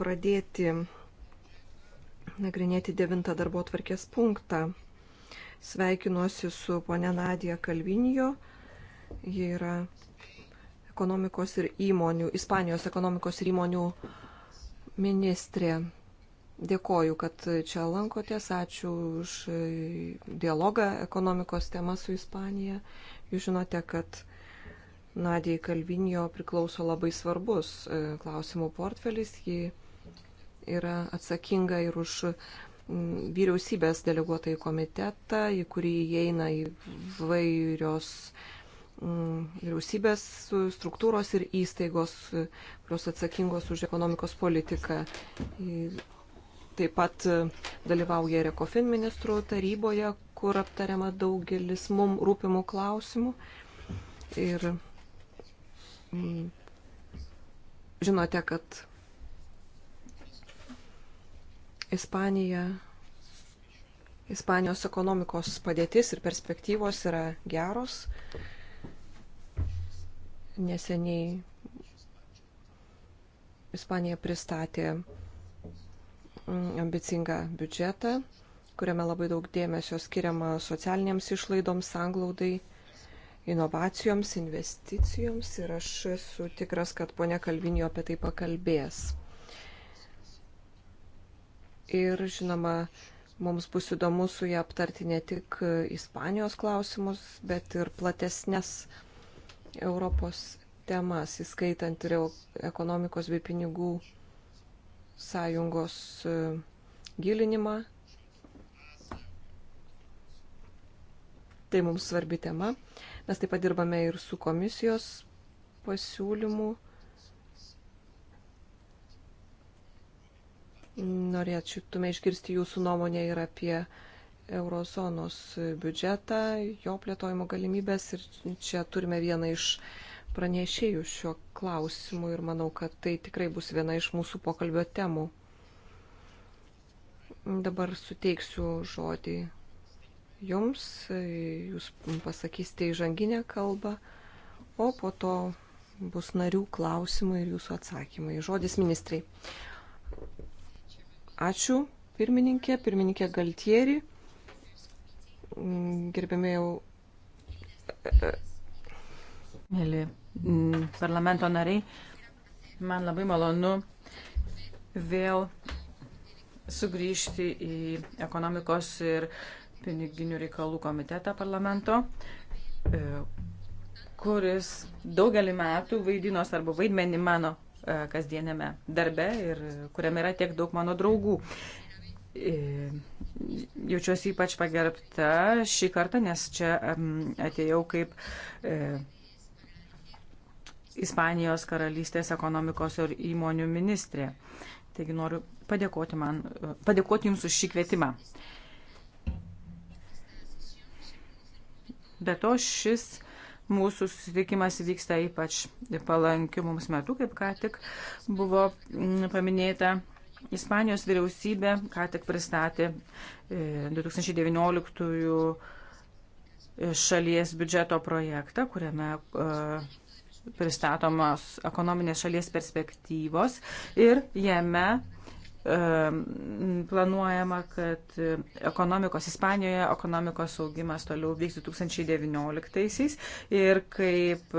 pradėti nagrinėti devintą darbo tvarkės punktą. Sveikinuosi su ponė Nadija Kalvinijo. Ji yra ekonomikos ir įmonių, Ispanijos ekonomikos ir įmonių ministrė. Dėkoju, kad čia lankotės. Ačiū už dialogą ekonomikos tema su Ispanija. Jūs žinote, kad Nadijai Kalvinio priklauso labai svarbus e, klausimų portfelis. Ji yra atsakinga ir už mm, vyriausybės deleguotą į komitetą, į kurį įeina įvairios mm, vyriausybės struktūros ir įstaigos, kurios atsakingos už ekonomikos politiką. Taip pat e, dalyvauja ir ECOFIN ministrų taryboje, kur aptariama daugelis mum rūpimų klausimų. Ir mm, žinote, kad Ispanija, Ispanijos ekonomikos padėtis ir perspektyvos yra geros. Neseniai Ispanija pristatė mm, ambicingą biudžetą, kuriame labai daug dėmesio skiriama socialinėms išlaidoms, sanglaudai, inovacijoms, investicijoms ir aš esu tikras, kad ponia Kalvinio apie tai pakalbės ir, žinoma, mums bus įdomu su ją aptarti ne tik Ispanijos klausimus, bet ir platesnės Europos temas, įskaitant ir ekonomikos bei pinigų sąjungos e, gilinimą. Tai mums svarbi tema. Mes taip pat dirbame ir su komisijos pasiūlymu Norėčiautume išgirsti jūsų nuomonę ir apie eurozonos biudžetą, jo plėtojimo galimybės ir čia turime vieną iš pranešėjų šiuo klausimu ir manau, kad tai tikrai bus viena iš mūsų pokalbio temų. Dabar suteiksiu žodį jums, jūs pasakysite įžanginę kalbą, o po to bus narių klausimai ir jūsų atsakymai. Žodis ministrai. Ačiū, pirmininkė, pirmininkė Galtieri, mm, gerbėmėjau. E, e, Mėly mm, parlamento nariai, man labai malonu vėl sugrįžti į ekonomikos ir piniginių reikalų komitetą parlamento, e, kuris daugelį metų vaidino svarbu vaidmenį mano E, kasdienėme darbe ir kuriame yra tiek daug mano draugų. E, jaučiuosi ypač pagerbta šį kartą, nes čia atėjau kaip e, Ispanijos karalystės ekonomikos ir įmonių ministrė. Taigi noriu padėkoti, man, padėkoti Jums už šį kvietimą. Be to šis Mūsų susitikimas vyksta ypač palankiu mums metu, kaip ką tik buvo mm, paminėta. Ispanijos vyriausybė ką tik pristatė 2019 e, e, šalies biudžeto projektą, kuriame e, pristatomos ekonominės šalies perspektyvos ir jame planuojama, kad ekonomikos Ispanijoje ekonomikos augimas toliau vyks 2019-aisiais ir kaip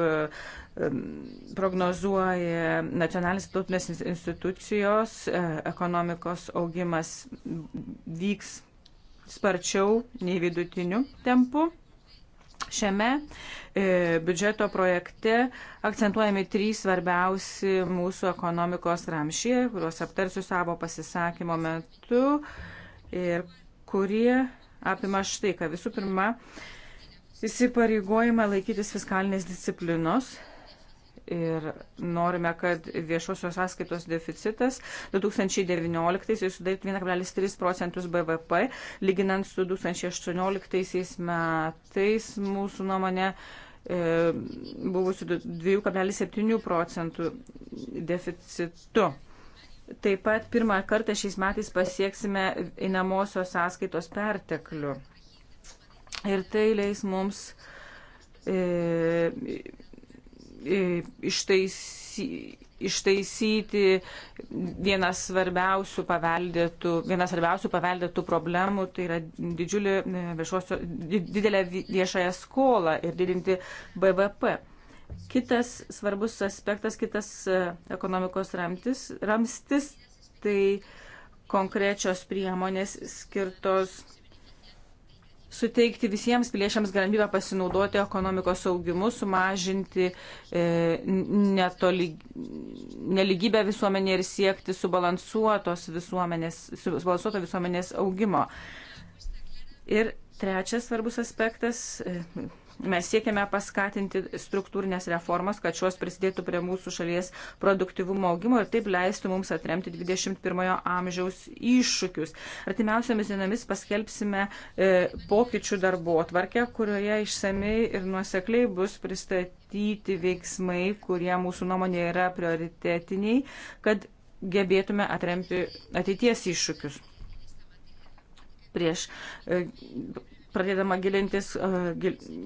prognozuoja nacionalinės tautinės institucijos, e, ekonomikos augimas vyks sparčiau nei vidutiniu tempu. Šiame e, biudžeto projekte akcentuojami trys svarbiausi mūsų ekonomikos ramšiai, kuriuos aptarsiu savo pasisakymo metu ir kurie apima štai, kad visų pirma, įsipareigojimą laikytis fiskalinės disciplinos ir norime, kad viešosios sąskaitos deficitas 2019-aisiais sudarytų 1,3 procentus BVP, lyginant su 2018 metais mūsų nuomonė e, buvusiu 2,7 procentų deficitu. Taip pat pirmą kartą šiais metais pasieksime einamosios sąskaitos perteklių. Ir tai leis mums e, E, ištaisy, ištaisyti vieną svarbiausių paveldėtų, vieną svarbiausių paveldėtų problemų, tai yra didžiulį, e, viešosio, didelę viešąją skolą ir didinti BVP. Kitas svarbus aspektas, kitas e, ekonomikos ramtis, ramstis, tai konkrečios priemonės skirtos suteikti visiems piliečiams galimybę pasinaudoti ekonomikos augimu, sumažinti e, netoly, neligybę visuomenėje ir siekti subalansuotos visuomenės, subalansuoto visuomenės augimo. Ir trečias svarbus aspektas, e, Mes siekiame paskatinti struktūrinės reformas, kad šios prisidėtų prie mūsų šalies produktivumo augimo ir taip leistų mums atremti 21 amžiaus iššūkius. Artimiausiamis dienomis paskelbsime e, pokyčių darbo atvarkę, kurioje išsamei ir nuosekliai bus pristatyti veiksmai, kurie mūsų nuomonė yra prioritetiniai, kad gebėtume atremti ateities iššūkius. Prieš e, pradėdama gilintis e,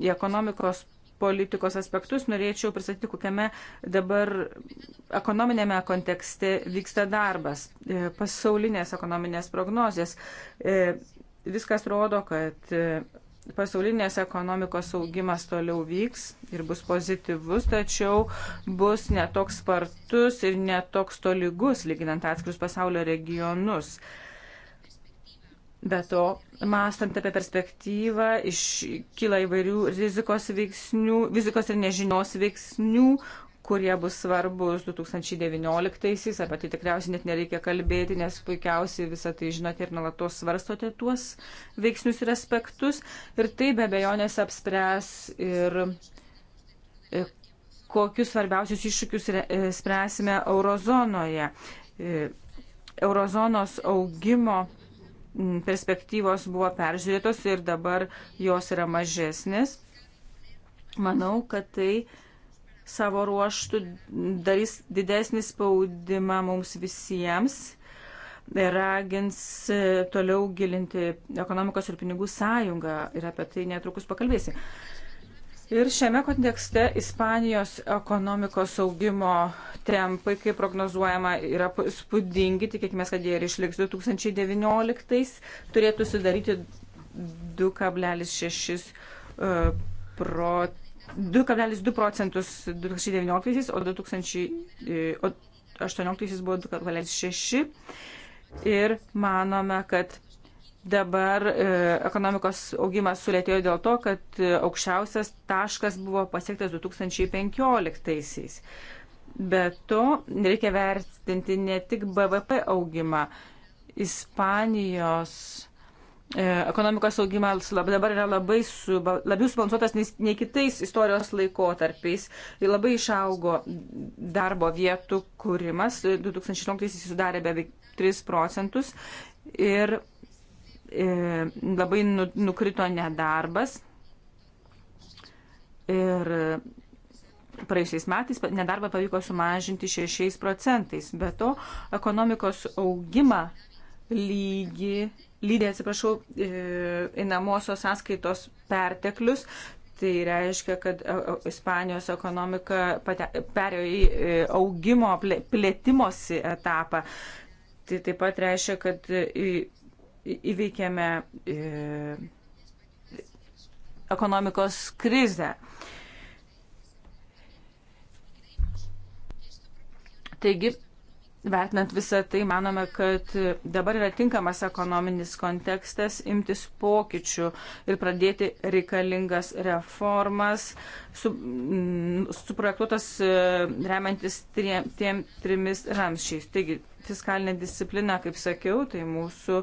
į ekonomikos politikos aspektus, norėčiau pristatyti, kokiame dabar ekonominėme kontekste vyksta darbas. E, pasaulinės ekonominės prognozijas. E, viskas rodo, kad pasaulinės ekonomikos augimas toliau vyks ir bus pozityvus, tačiau bus netoks spartus ir netoks tolygus, lyginant atskirius pasaulio regionus. Uh, Be to, mąstant apie perspektyvą, iškyla įvairių rizikos veiksnių, rizikos ir nežinios veiksnių, kurie bus svarbus 2019-aisiais, apie tai tikriausiai net nereikia kalbėti, nes puikiausiai visą tai žinote ir nuolatos svarstote tuos veiksnius ir aspektus. Ir tai be abejonės apspręs ir e, kokius svarbiausius iššūkius e, spręsime eurozonoje. E, eurozonos augimo perspektyvos buvo peržiūrėtos ir dabar jos yra mažesnės. Manau, kad tai savo ruoštų darys didesnį spaudimą mums visiems ragins e, toliau gilinti ekonomikos ir pinigų sąjungą ir apie tai netrukus pakalbėsim. Ir šiame kontekste Ispanijos ekonomikos augimo tempai, kaip prognozuojama, yra spūdingi, tikėkime, kad jie ir išliks 2019, turėtų sudaryti 2,6 procentų. 2,2 procentus 2019, o 2018 e, buvo 2,6 ir manome, kad Dabar e, ekonomikos augimas sulėtėjo dėl to, kad e, aukščiausias taškas buvo pasiektas 2015-aisiais. Be to, reikia vertinti ne tik BVP augimą. Ispanijos e, ekonomikos augimas lab, dabar yra labai suba, labiau subalansuotas nei, nei kitais istorijos laikotarpiais. Ir labai išaugo darbo vietų kūrimas. 2016 jis sudarė beveik 3 procentus. Ir E, labai nu, nukrito nedarbas ir praėjusiais metais nedarbą pavyko sumažinti 6 procentais. Be to, ekonomikos augimą lygi, lydė, atsiprašau, įnamosios e, sąskaitos perteklius. Tai reiškia, kad e, Ispanijos ekonomika perėjo į augimo plėtimosi etapą. Tai taip pat reiškia, kad įveikėme e, ekonomikos krizę. Taigi, vertinant visą tai, manome, kad dabar yra tinkamas ekonominis kontekstas imtis pokyčių ir pradėti reikalingas reformas, su, m, suprojektuotas e, remiantis tiem, tiem trimis ramščiais. Taigi, fiskalinė disciplina, kaip sakiau, tai mūsų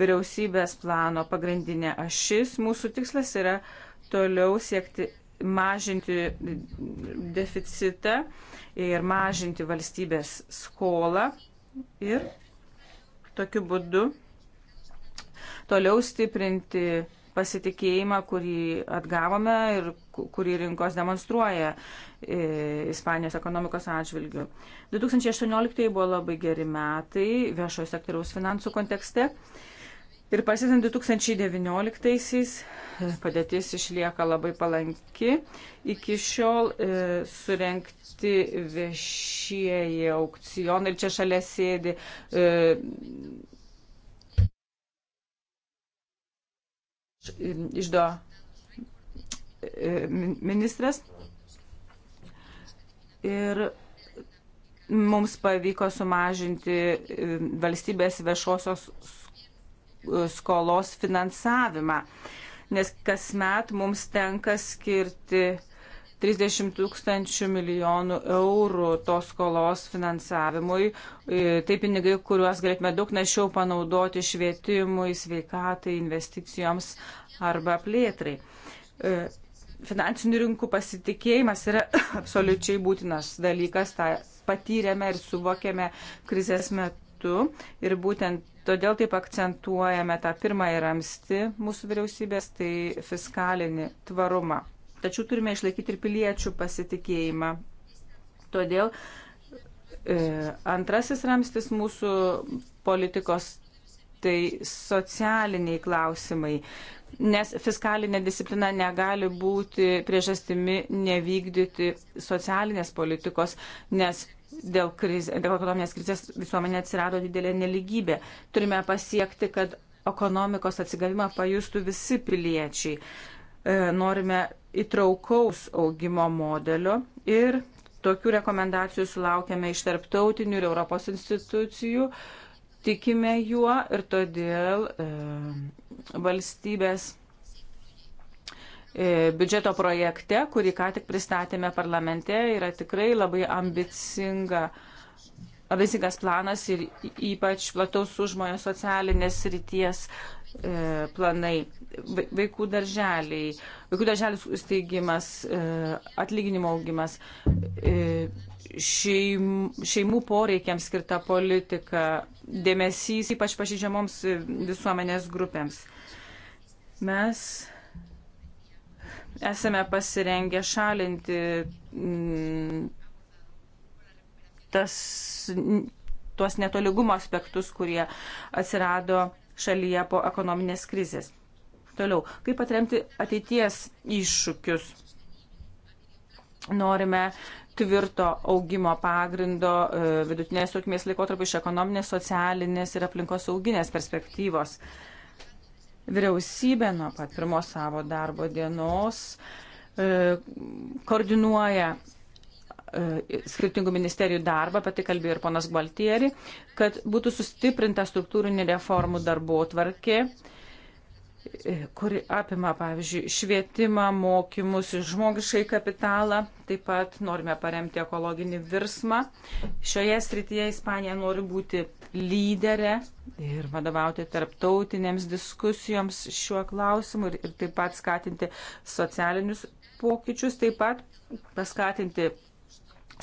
vyriausybės plano pagrindinė ašis. Mūsų tikslas yra toliau siekti mažinti deficitą ir mažinti valstybės skolą ir tokiu būdu toliau stiprinti pasitikėjimą, kurį atgavome ir kurį rinkos demonstruoja e, Ispanijos ekonomikos atžvilgių. 2018 buvo labai geri metai viešojo sektoriaus finansų kontekste. Ir prasidant 2019-aisiais e, padėtis išlieka labai palanki. Iki šiol e, surenkti viešieji aukcionai ir čia šalia sėdi. E, Išdo E, ministras. Ir mums pavyko sumažinti e, valstybės viešosios skolos finansavimą, nes kasmet mums tenka skirti 30 tūkstančių milijonų eurų tos skolos finansavimui. E, tai pinigai, kuriuos galėtume daug našiau panaudoti švietimui, sveikatai, investicijoms arba plėtrai finansinių rinkų pasitikėjimas yra absoliučiai būtinas dalykas, tą patyrėme ir suvokėme krizės metu ir būtent todėl taip akcentuojame tą pirmąjį ramsti mūsų vyriausybės, tai fiskalinį tvarumą. Tačiau turime išlaikyti ir piliečių pasitikėjimą. Todėl e, antrasis ramstis mūsų politikos tai socialiniai klausimai, nes fiskalinė disciplina negali būti priežastimi nevykdyti socialinės politikos, nes dėl, kriz, dėl ekonominės krizės visuomenė atsirado didelė neligybė. Turime pasiekti, kad ekonomikos atsigavimą pajustų visi piliečiai. E, norime įtraukaus augimo modelio ir tokių rekomendacijų sulaukėme iš tarptautinių ir Europos institucijų. Uh, tikime juo ir todėl e, valstybės e, biudžeto projekte, kurį ką tik pristatėme parlamente, yra tikrai labai ambicinga, ambicingas planas ir ypač plataus užmojo socialinės ryties e, planai, vaikų darželiai, vaikų darželių steigimas, e, atlyginimo augimas, šeimų poreikiams skirta politika, dėmesys ypač pažydžiamoms visuomenės grupėms. Mes esame pasirengę šalinti mm, tas, tuos netoligumo aspektus, kurie atsirado šalyje po ekonominės krizės. Toliau, kaip atremti ateities iššūkius? Norime tvirto augimo pagrindo e, vidutinės trukmės laikotarpiu iš ekonominės, socialinės ir aplinkos sauginės perspektyvos. Vyriausybė nuo pat pirmos savo darbo dienos e, koordinuoja e, skirtingų ministerijų darbą, apie tai kalbėjo ir ponas Baltieri, kad būtų sustiprinta struktūrinė reformų darbo tvarkė kuri apima, pavyzdžiui, švietimą, mokymus, žmogiškai kapitalą. Taip pat norime paremti ekologinį virsmą. Šioje srityje Ispanija nori būti lyderė ir vadovauti tarptautinėms diskusijoms šiuo klausimu ir, ir taip pat skatinti socialinius pokyčius, taip pat paskatinti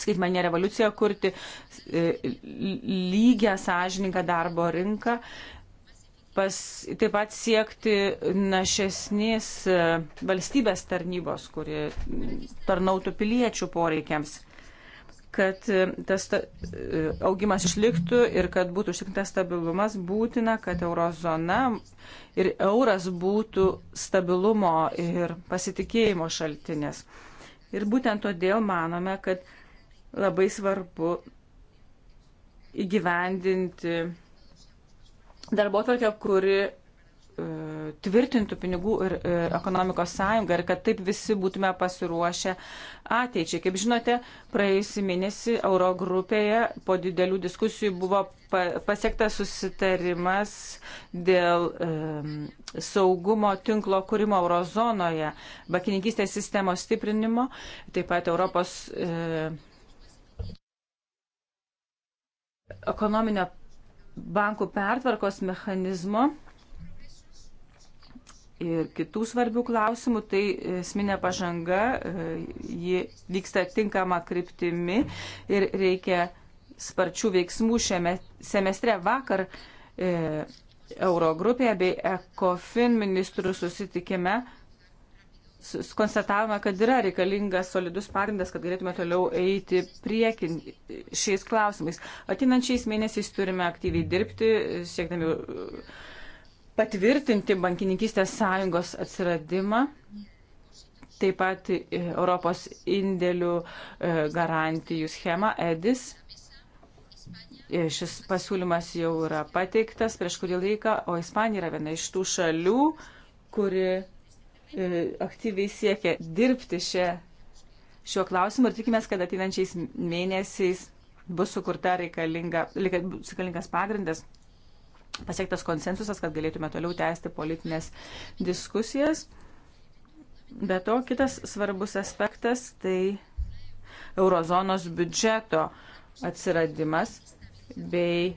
skaitmaninę revoliuciją, kurti e, lygią sąžininką darbo rinką pas, taip pat siekti našesnės e, valstybės tarnybos, kuri tarnautų piliečių poreikiams, kad e, tas ta, e, augimas išliktų ir kad būtų užtikrintas stabilumas, būtina, kad eurozona ir euras būtų stabilumo ir pasitikėjimo šaltinės. Ir būtent todėl manome, kad labai svarbu įgyvendinti darbo tvarkę, kuri e, tvirtintų pinigų ir e, ekonomikos sąjungą ir kad taip visi būtume pasiruošę ateičiai. Kaip žinote, praėjusį mėnesį Eurogrupėje po didelių diskusijų buvo pasiektas susitarimas dėl um, saugumo tinklo kūrimo eurozonoje, bakininkystės sistemos stiprinimo, taip pat Europos. Um, ekonominio bankų pertvarkos mechanizmo ir kitų svarbių klausimų, tai esminė pažanga, ji vyksta tinkama kryptimi ir reikia sparčių veiksmų šiame semestre. Vakar e, Eurogrupėje bei ECOFIN ministrų susitikime e, konstatavome, kad yra reikalingas solidus pagrindas, kad galėtume toliau eiti priekin šiais klausimais. Atinančiais mėnesiais turime aktyviai dirbti, siekdami uh, patvirtinti bankininkystės sąjungos atsiradimą, taip pat uh, Europos indėlių uh, garantijų schemą EDIS. Šis pasiūlymas jau yra pateiktas prieš kurį laiką, o Ispanija yra viena iš tų šalių, kuri E, aktyviai siekia dirbti šia, šiuo klausimu ir tikimės, kad ateinančiais mėnesiais bus sukurta reikalinga, reikalingas pagrindas, pasiektas konsensusas, kad galėtume toliau tęsti politinės diskusijas. Be to, kitas svarbus aspektas tai eurozonos biudžeto atsiradimas bei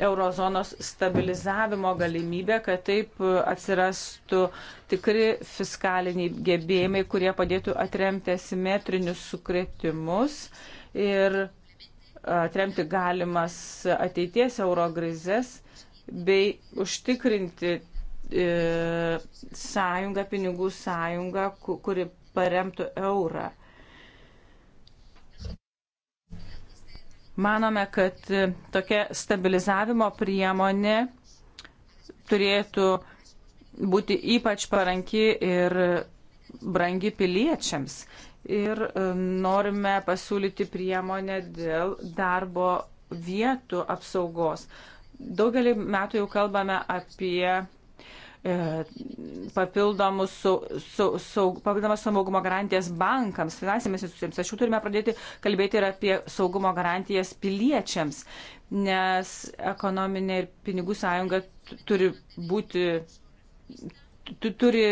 eurozonos stabilizavimo galimybę, kad taip atsirastų tikri fiskaliniai gebėjimai, kurie padėtų atremti asimetrinius sukretimus ir atremti galimas ateities eurogrizės bei užtikrinti e, sąjungą, pinigų sąjungą, kuri paremtų eurą. Manome, kad tokia stabilizavimo priemonė turėtų būti ypač paranki ir brangi piliečiams. Ir e, norime pasiūlyti priemonę dėl darbo vietų apsaugos. Daugelį metų jau kalbame apie E, papildomus su, su, su, papildomas saugumo garantijas bankams, finansinėms institucijams. Aš jau turime pradėti kalbėti ir apie saugumo garantijas piliečiams, nes ekonominė ir pinigų sąjunga turi būti, turi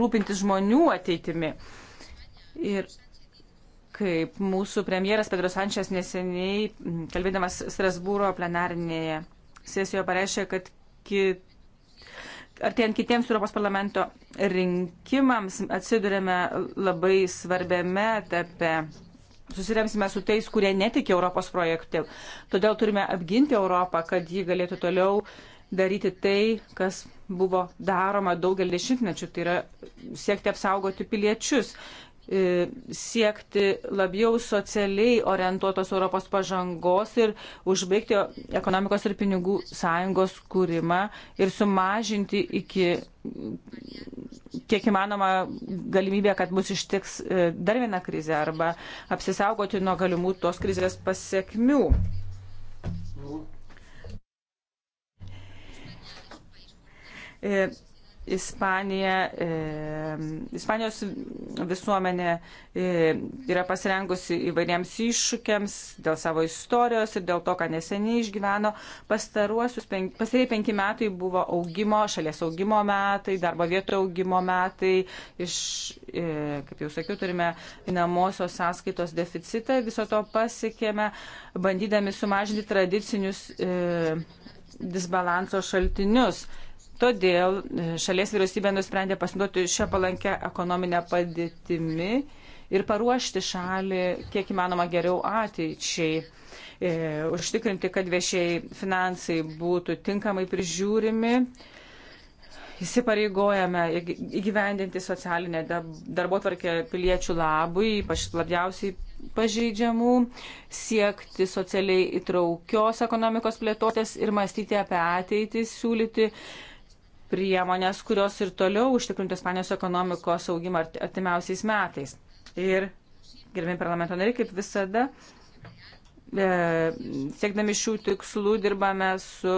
rūpintis žmonių ateitimi. Ir kaip mūsų premjeras Pedro Sančias neseniai, kalbėdamas Strasbūro plenarinėje sesijoje, pareiškė, kad kit artėjant kitiems Europos parlamento rinkimams atsidurėme labai svarbiame etape. Susiremsime su tais, kurie netiki Europos projekte. Todėl turime apginti Europą, kad ji galėtų toliau daryti tai, kas buvo daroma daugelį dešimtmečių, tai yra siekti apsaugoti piliečius. E, siekti labiau socialiai orientuotos Europos pažangos ir užbaigti ekonomikos ir pinigų sąjungos kūrimą ir sumažinti iki kiek įmanoma galimybė, kad mus ištiks e, dar viena krizė arba apsisaugoti nuo galimų tos krizės pasiekmių. E, Ispanija, e, Ispanijos visuomenė e, yra pasirengusi įvairiems iššūkiams dėl savo istorijos ir dėl to, ką neseniai išgyveno. Pastaruosius penk, penki metai buvo augimo, šalies augimo metai, darbo vietų augimo metai. Iš, e, kaip jau sakiau, turime namosios sąskaitos deficitą. Viso to pasiekėme, bandydami sumažinti tradicinius disbalanso šaltinius. Todėl e, šalies vyriausybė nusprendė pasinaudoti šią palankę ekonominę padėtimi ir paruošti šalį kiek įmanoma geriau ateičiai, e, užtikrinti, kad viešiai finansai būtų tinkamai prižiūrimi. Įsipareigojame įgyvendinti socialinę darbo tvarkę piliečių labui, ypač labiausiai pažeidžiamų, siekti socialiai įtraukios ekonomikos plėtotės ir mąstyti apie ateitį, siūlyti priemonės, kurios ir toliau užtikrintų Ispanijos ekonomikos augimą artimiausiais metais. Ir, gerbimi parlamento nariai, kaip visada, e, siekdami šių tikslų dirbame su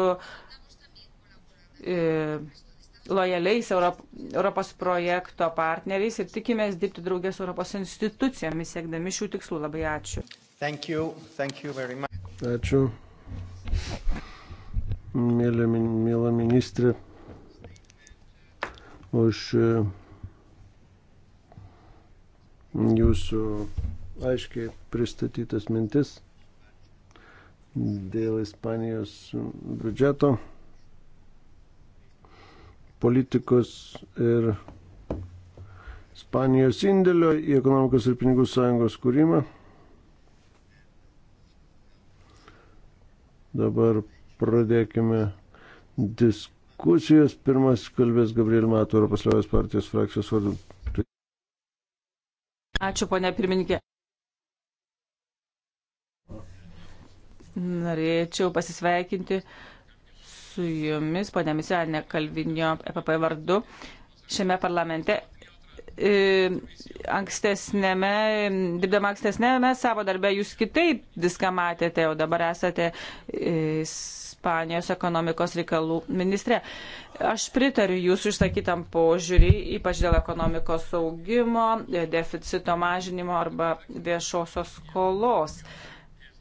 e, lojaliais Europ, Europos projekto partneriais ir tikimės dirbti draugės Europos institucijomis, siekdami šių tikslų. Labai ačiū. Thank you. Thank you ačiū. Mėla ministrė už e, jūsų aiškiai pristatytas mintis dėl Ispanijos biudžeto politikos ir Ispanijos indėlio į ekonomikos ir pinigų sąjungos kūrimą. Dabar pradėkime diskusijos diskusijas. Pirmas kalbės Gabriel Mato, Europos Liaudės partijos frakcijos vardu. Ačiū, ponia pirmininkė. Norėčiau pasisveikinti su jumis, ponia Miselė Kalvinio, EPP vardu, šiame parlamente e, ankstesnėme, dirbdama ankstesnėme savo darbę jūs kitaip viską matėte, o dabar esate e, Ispanijos ekonomikos reikalų ministre. Aš pritariu jūsų išsakytam požiūrį, ypač dėl ekonomikos saugimo, deficito mažinimo arba viešosios skolos.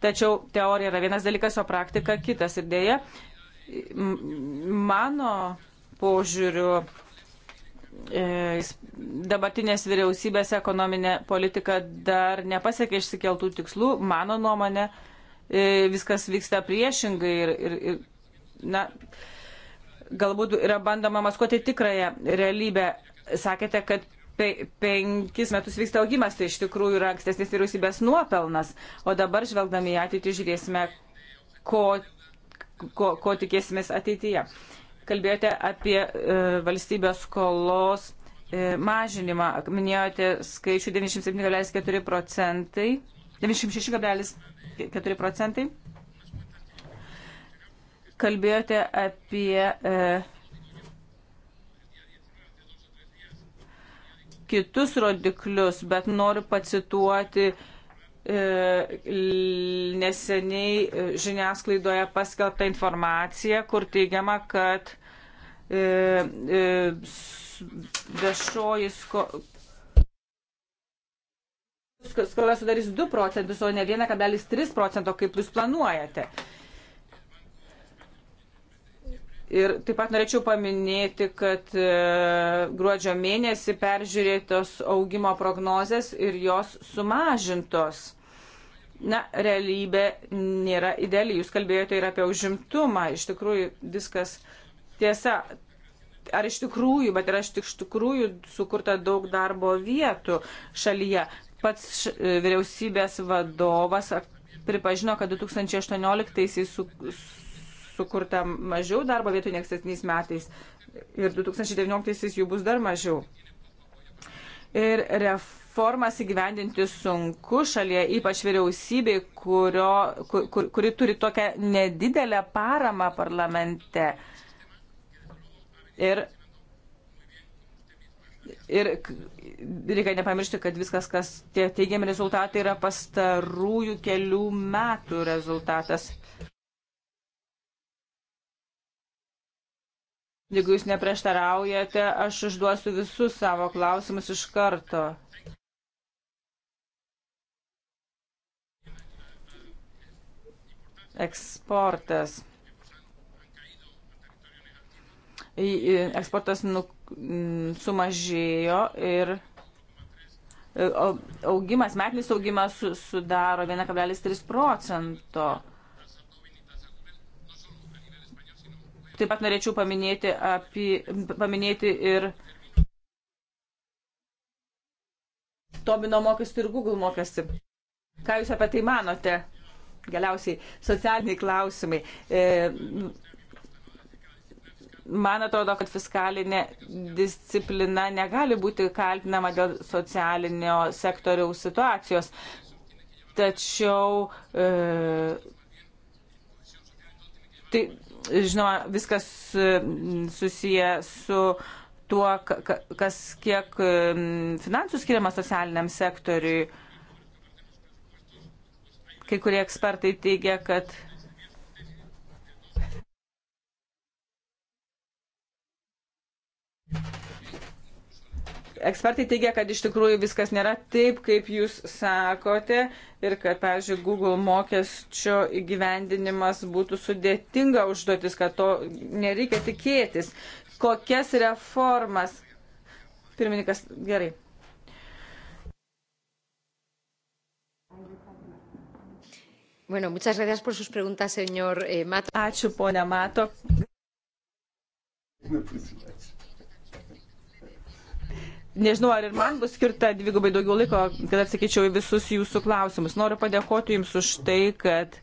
Tačiau teorija yra vienas dalykas, o praktika kitas. Ir dėja, mano požiūriu, e, dabartinės vyriausybės ekonominė politika dar nepasiekė išsikeltų tikslų, mano nuomonė, E, viskas vyksta priešingai ir, ir, ir na, galbūt yra bandoma maskuoti tikrąją realybę. Sakėte, kad pe, penkis metus vyksta augimas, tai iš tikrųjų yra ankstesnės vyriausybės nuopelnas, o dabar žvelgdami į ateitį žiūrėsime, ko, ko, ko tikėsimės ateityje. Kalbėjote apie e, valstybės skolos e, mažinimą, minėjote skaičių 97,4 procentai, 96,4 4 procentai. Kalbėjote apie e, kitus rodiklius, bet noriu pacituoti e, neseniai e, žiniasklaidoje paskelbta informacija, kur teigiama, kad e, viešoji skola sudarys 2 procentus, o ne 1,3 procento, kaip jūs planuojate. Ir taip pat norėčiau paminėti, kad e, gruodžio mėnesį peržiūrėtos augimo prognozės ir jos sumažintos. Na, realybė nėra ideali. Jūs kalbėjote ir apie užimtumą. Iš tikrųjų, viskas tiesa. Ar iš tikrųjų, bet ar iš tikrųjų sukurta daug darbo vietų šalyje. Pats e, vyriausybės vadovas pripažino, kad 2018-aisiais su, sukurta mažiau darbo vietų nei ankstesniais metais ir 2019-aisiais jų bus dar mažiau. Ir reformas įgyvendinti sunku šalyje, ypač vyriausybei, kurio, kur, kur, kuri turi tokią nedidelę paramą parlamente. Ir Ir reikia nepamiršti, kad viskas, kas tie teigiami rezultatai, yra pastarųjų kelių metų rezultatas. Jeigu jūs neprieštaraujate, aš užduosiu visus savo klausimus iš karto. Eksportas eksportas nu, mm, sumažėjo ir e, augimas, metinis augimas sudaro 1,3 procento. Taip pat norėčiau paminėti, apie, paminėti ir Tobino mokestį ir Google mokestį. Ką Jūs apie tai manote? Galiausiai socialiniai klausimai. E, Man atrodo, kad fiskalinė disciplina negali būti kaltinama dėl socialinio sektoriaus situacijos. Tačiau, e, tai, žinoma, viskas e, susiję su tuo, kas kiek e, finansų skiriama socialiniam sektoriui. Kai kurie ekspertai teigia, kad Ekspertai teigia, kad iš tikrųjų viskas nėra taip, kaip jūs sakote ir kad, pavyzdžiui, Google mokesčio įgyvendinimas būtų sudėtinga užduotis, kad to nereikia tikėtis. Kokias reformas? Pirmininkas, gerai. Bueno, muchas gracias por sus preguntas, señor eh, Mato. Ačiū, ponia Mato. Nežinau, ar ir man bus skirta dvigubai daugiau laiko, kad atsakyčiau į visus jūsų klausimus. Noriu padėkoti Jums už tai, kad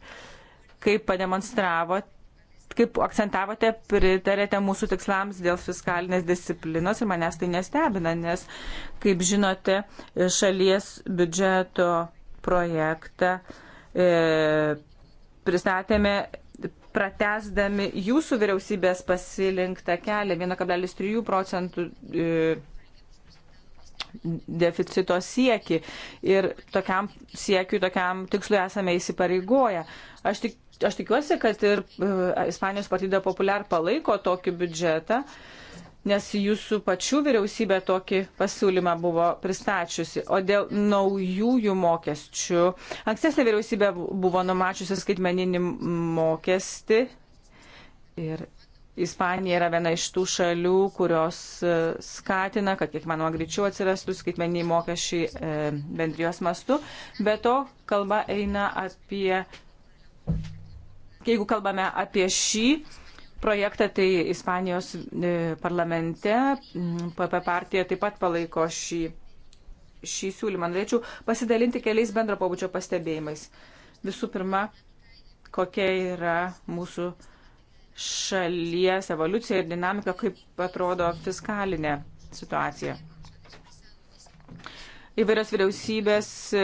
kaip pademonstravote, kaip akcentavote, pritarėte mūsų tikslams dėl fiskalinės disciplinos ir manęs tai nestebina, nes, kaip žinote, šalies biudžeto projektą e, pristatėme pratesdami jūsų vyriausybės pasilinktą kelią 1,3 procentų e, deficito siekį. Ir tokiam siekiui, tokiam tikslui esame įsipareigoję. Aš, tik, aš tikiuosi, kad ir e, Ispanijos partida populiar palaiko tokį biudžetą, nes jūsų pačių vyriausybė tokį pasiūlymą buvo pristačiusi. O dėl naujųjų mokesčių, ankstesnė vyriausybė buvo numačiusi skaitmeninį mokestį ir Ispanija yra viena iš tų šalių, kurios e, skatina, kad kiek manoma greičiau atsirastų skaitmeniai mokesčiai e, bendrijos mastu. Be to, kalba eina apie, jeigu kalbame apie šį projektą, tai Ispanijos e, parlamente PP partija taip pat palaiko šį, šį siūlymą. Norėčiau pasidalinti keliais bendro pabudžio pastebėjimais. Visų pirma, kokia yra mūsų šalies evoliuciją ir dinamiką, kaip atrodo fiskalinė situacija. Įvairios vyriausybės e,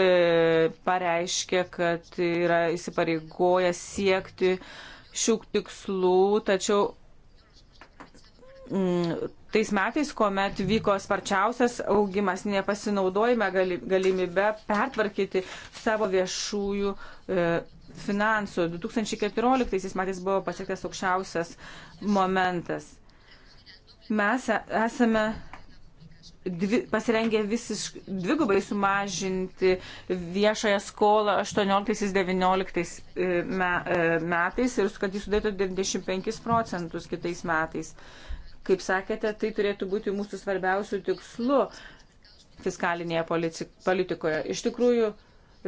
pareiškia, kad yra įsipareigoję siekti šių tikslų, tačiau mm, tais metais, kuomet vyko sparčiausias augimas, nepasinaudojame galimybę pertvarkyti savo viešųjų e, finansų. 2014 metais buvo pasiektas aukščiausias momentas. Mes e, esame dvi, pasirengę visiškai dvigubai sumažinti viešąją skolą 18-19 e, me, e, metais ir kad jis sudėtų 95 procentus kitais metais. Kaip sakėte, tai turėtų būti mūsų svarbiausių tikslų fiskalinėje politikoje. Iš tikrųjų,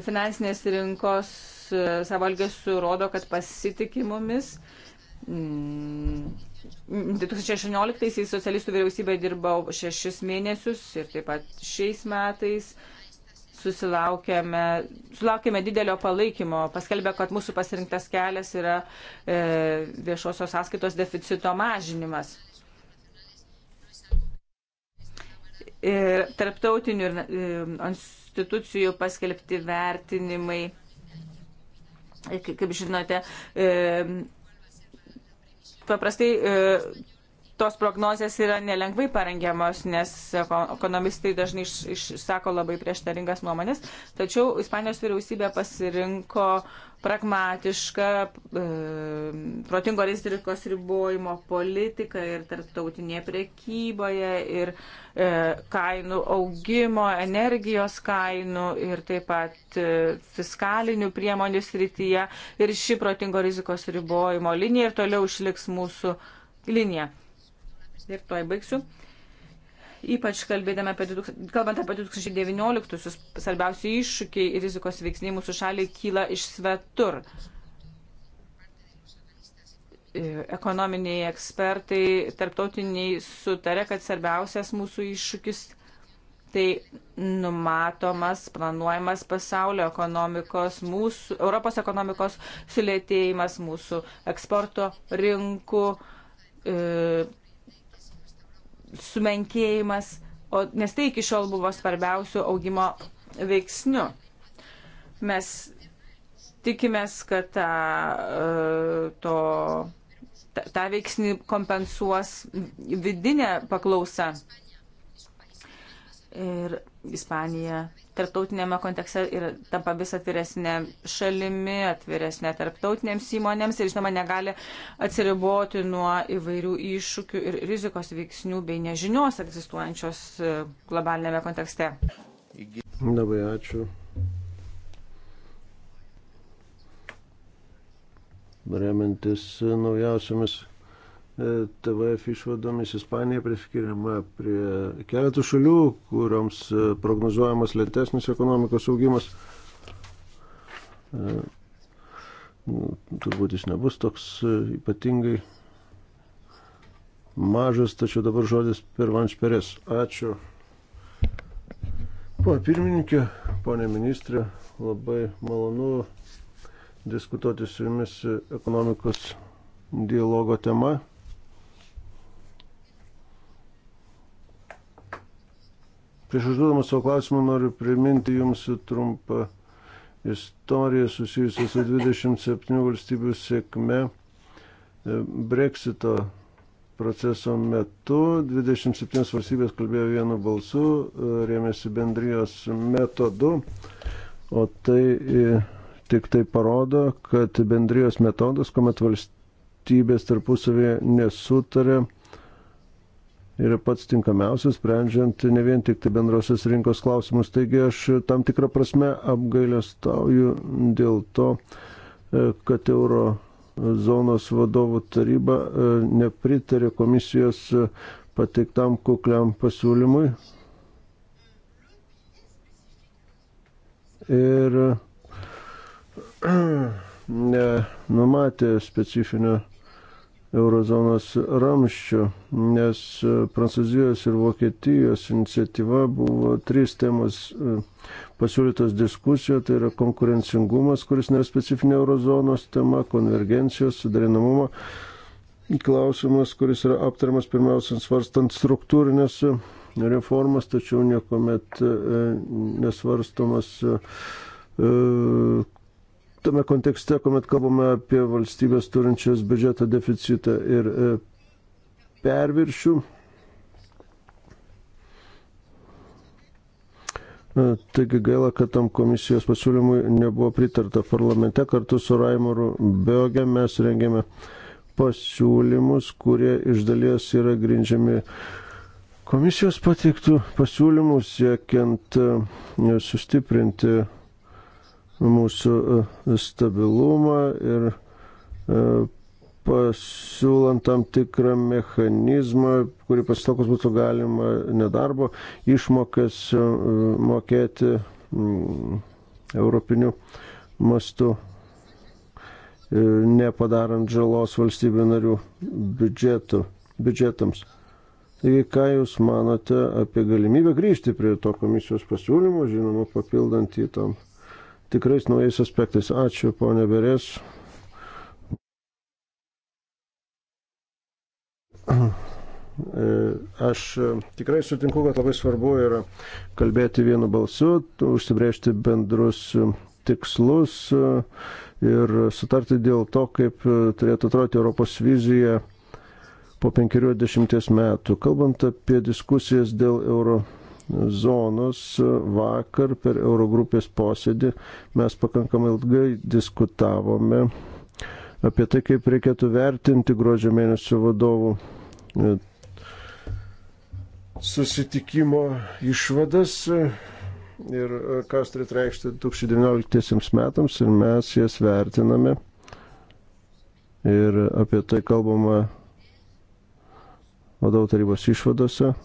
finansinės rinkos savo elgesiu rodo, kad pasitikimumis. 2016-aisiais mm, socialistų vyriausybė dirbau šešis mėnesius ir taip pat šiais metais susilaukėme, sulaukėme didelio palaikymo, paskelbė, kad mūsų pasirinktas kelias yra e, viešosios sąskaitos deficito mažinimas. Ir tarptautinių ir, e, institucijų paskelbti vertinimai Kaip žinote, paprastai e, tos prognozijas yra nelengvai parengiamos, nes ekonomistai dažnai išsako labai prieštaringas nuomonės. Tačiau Ispanijos vyriausybė pasirinko pragmatišką, e, protingo rizikos ribojimo politiką ir tarptautinėje prekyboje, ir e, kainų augimo, energijos kainų ir taip pat e, fiskalinių priemonių srityje. Ir ši protingo rizikos ribojimo linija ir toliau išliks mūsų linija ir tuoj baigsiu. Ypač apie, kalbant apie 2019-usius, svarbiausi iššūkiai ir rizikos veiksniai mūsų šaliai kyla iš svetur. E, ekonominiai ekspertai, tarptautiniai sutarė, kad svarbiausias mūsų iššūkis tai numatomas, planuojamas pasaulio ekonomikos, mūsų, Europos ekonomikos sulėtėjimas, mūsų eksporto rinkų e, sumenkėjimas, o, nes tai iki šiol buvo svarbiausių augimo veiksnių. Mes tikimės, kad ta, e, to, ta, ta veiksnį kompensuos vidinė paklausa. Ir Ispanija tarptautinėme kontekste ir tampa vis atviresnė šalimi, atviresnė tarptautinėms įmonėms ir, žinoma, negali atsiriboti nuo įvairių iššūkių ir rizikos veiksnių bei nežinios egzistuojančios e, globalinėme kontekste. Labai ačiū. Remiantis naujausiamis E, TVF išvadomis Ispanija priskiriama prie keletų šalių, kuriams e, prognozuojamas lėtesnis ekonomikos augimas. E, turbūt jis nebus toks ypatingai mažas, tačiau dabar žodis pirmans perės. Ačiū. Pone pirmininkė, pone ministrė, labai malonu diskutuoti su jumis ekonomikos dialogo tema. Prieš užduodamas savo klausimą noriu priminti jums trumpą istoriją susijusią su 27 valstybių sėkme e, Brexito proceso metu 27 valstybės kalbėjo vienu balsu, e, rėmėsi bendrijos metodu, o tai e, tik tai parodo, kad bendrijos metodas, kuomet valstybės tarpusavėje nesutarė, yra pats tinkamiausias, sprendžiant ne vien tik tai bendrosios rinkos klausimus. Taigi aš tam tikrą prasme apgailestauju dėl to, e, kad euro zonos vadovų taryba e, nepritarė komisijos e, pateiktam kukliam pasiūlymui. Ir nenumatė specifinio eurozonos ramščių, nes e, Prancūzijos ir Vokietijos iniciatyva buvo trys temos e, pasiūlytos diskusijoje, tai yra konkurencingumas, kuris nėra specifinė eurozonos tema, konvergencijos, sudarinamumo klausimas, kuris yra aptariamas pirmiausia svarstant struktūrinės e, reformas, tačiau niekuomet nesvarstomas tame kontekste, kuomet kalbame apie valstybės turinčias biudžeto deficitą ir e, perviršių. E, taigi gaila, kad tam komisijos pasiūlymui nebuvo pritarta parlamente. Kartu su Raimoru Bioge mes rengėme pasiūlymus, kurie iš dalies yra grindžiami komisijos pateiktų pasiūlymų siekiant e, sustiprinti mūsų e, stabilumą ir e, pasiūlant tam tikrą mechanizmą, kurį pasitokus būtų galima nedarbo išmokas e, mokėti europiniu mastu, nepadarant žalos valstybių narių biudžetų, biudžetams. Taigi, ką Jūs manote apie galimybę grįžti prie to komisijos pasiūlymo, žinoma, papildant į tam tikrais naujais aspektais. Ačiū, ponė Berės. E, aš e, tikrai sutinku, kad labai svarbu yra kalbėti vienu balsu, užsibriežti bendrus e, tikslus ir sutarti dėl to, kaip turėtų atrodyti Europos vizija po penkerių dešimties metų. Kalbant apie diskusijas dėl euro zonos e, vakar per Eurogrupės posėdį mes pakankamai ilgai diskutavome apie tai, kaip reikėtų vertinti gruodžio mėnesio vadovų e, susitikimo išvadas e, ir ką turėtų reikšti 2019 metams ir mes jas vertiname ir apie tai kalbama vadovų tarybos išvadose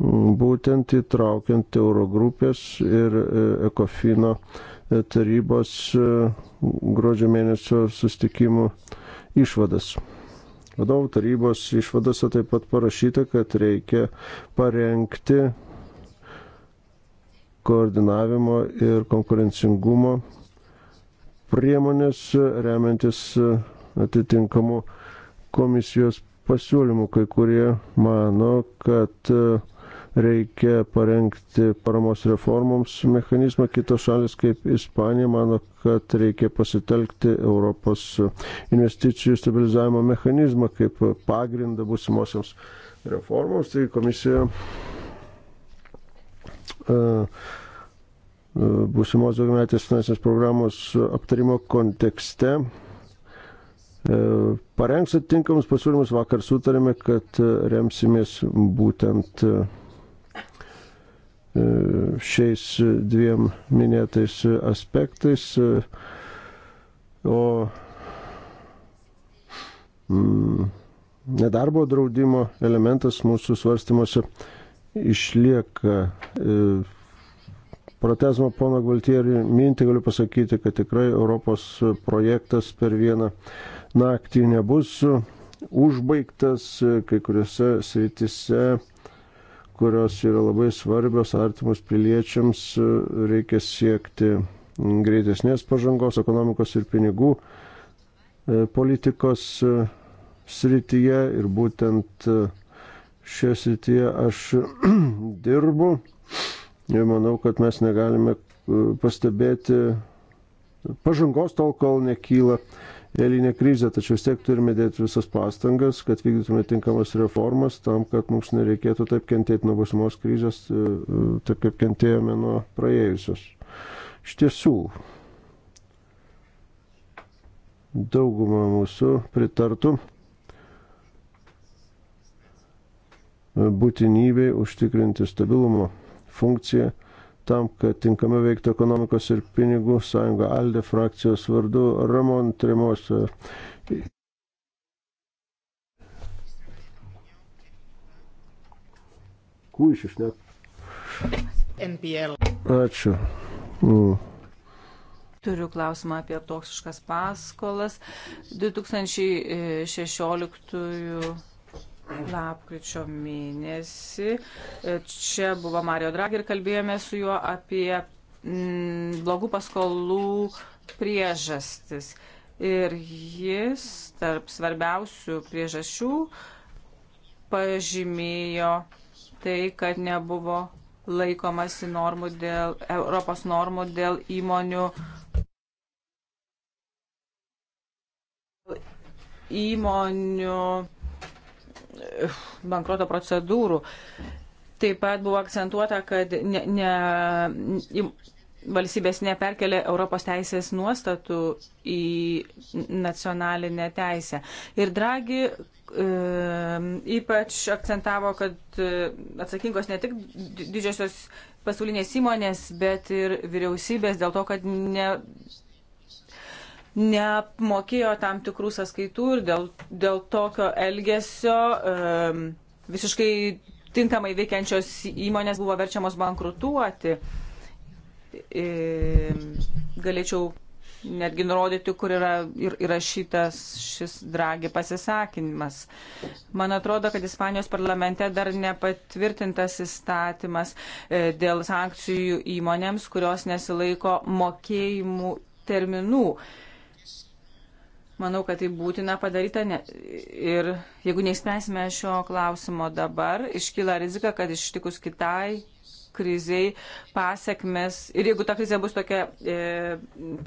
būtent įtraukiant Eurogrupės ir e, Ekofino e, tarybos e, gruodžio mėnesio sustikimų išvadas. Vadovų tarybos išvadose taip pat parašyta, kad reikia parengti koordinavimo ir konkurencingumo priemonės remiantis atitinkamų komisijos pasiūlymų. Kai kurie mano, kad uh, reikia parengti paramos reformoms mechanizmą. Kitos šalis kaip Ispanija mano, kad reikia pasitelkti Europos investicijų stabilizavimo mechanizmą kaip pagrindą būsimosiams reformoms. Tai komisija e, e, būsimos daugiametės finansinės programos aptarimo kontekste e, parengs atitinkamus pasiūlymus. Vakar sutarėme, kad remsimės būtent E, šiais dviem minėtais aspektais, e, o mm, nedarbo draudimo elementas mūsų svarstymuose išlieka. E, protezmo pono Gvaltierį mintį galiu pasakyti, kad tikrai Europos projektas per vieną naktį nebus užbaigtas, kai kuriuose sritise kurios yra labai svarbios artimus piliečiams, reikia siekti greitesnės pažangos ekonomikos ir pinigų e, politikos e, srityje ir būtent e, šioje srityje aš dirbu ir manau, kad mes negalime pastebėti pažangos tol, kol nekyla eilinė krizė, tačiau vis tiek turime dėti visas pastangas, kad vykdytume tinkamas reformas tam, kad mums nereikėtų taip kentėti nuo būsimos krizės, e, e, taip kaip kentėjome nuo praėjusios. Iš tiesų, dauguma mūsų pritartų būtinybei užtikrinti stabilumo funkciją tam, kad tinkamiau veiktų ekonomikos ir pinigų sąjunga. Alde frakcijos vardu Ramon Tremos. Kūš iš ne. NPL. Ačiū. Mm. Turiu klausimą apie toksiškas paskolas. 2016 lapkričio mėnesį. E, čia buvo Mario Draghi ir kalbėjome su juo apie mm, blogų paskolų priežastis. Ir jis tarp svarbiausių priežasčių pažymėjo tai, kad nebuvo laikomasi normų dėl, Europos normų dėl įmonių įmonių bankroto procedūrų. Taip pat buvo akcentuota, kad ne, ne, valstybės neperkelia Europos teisės nuostatų į nacionalinę teisę. Ir Dragi e, ypač akcentavo, kad e, atsakingos ne tik didžiosios pasaulinės įmonės, bet ir vyriausybės dėl to, kad ne neapmokėjo tam tikrų sąskaitų ir dėl, dėl tokio elgesio um, visiškai tinkamai veikiančios įmonės buvo verčiamos bankrutuoti. I, galėčiau netgi nurodyti, kur yra įrašytas šis dragi pasisakinimas. Man atrodo, kad Ispanijos parlamente dar nepatvirtintas įstatymas e, dėl sankcijų įmonėms, kurios nesilaiko mokėjimų terminų. Manau, kad tai būtina padaryta ne, ir jeigu neįspręsime šio klausimo dabar, iškyla rizika, kad ištikus kitai kriziai pasiekmes ir jeigu ta krizė bus tokia e,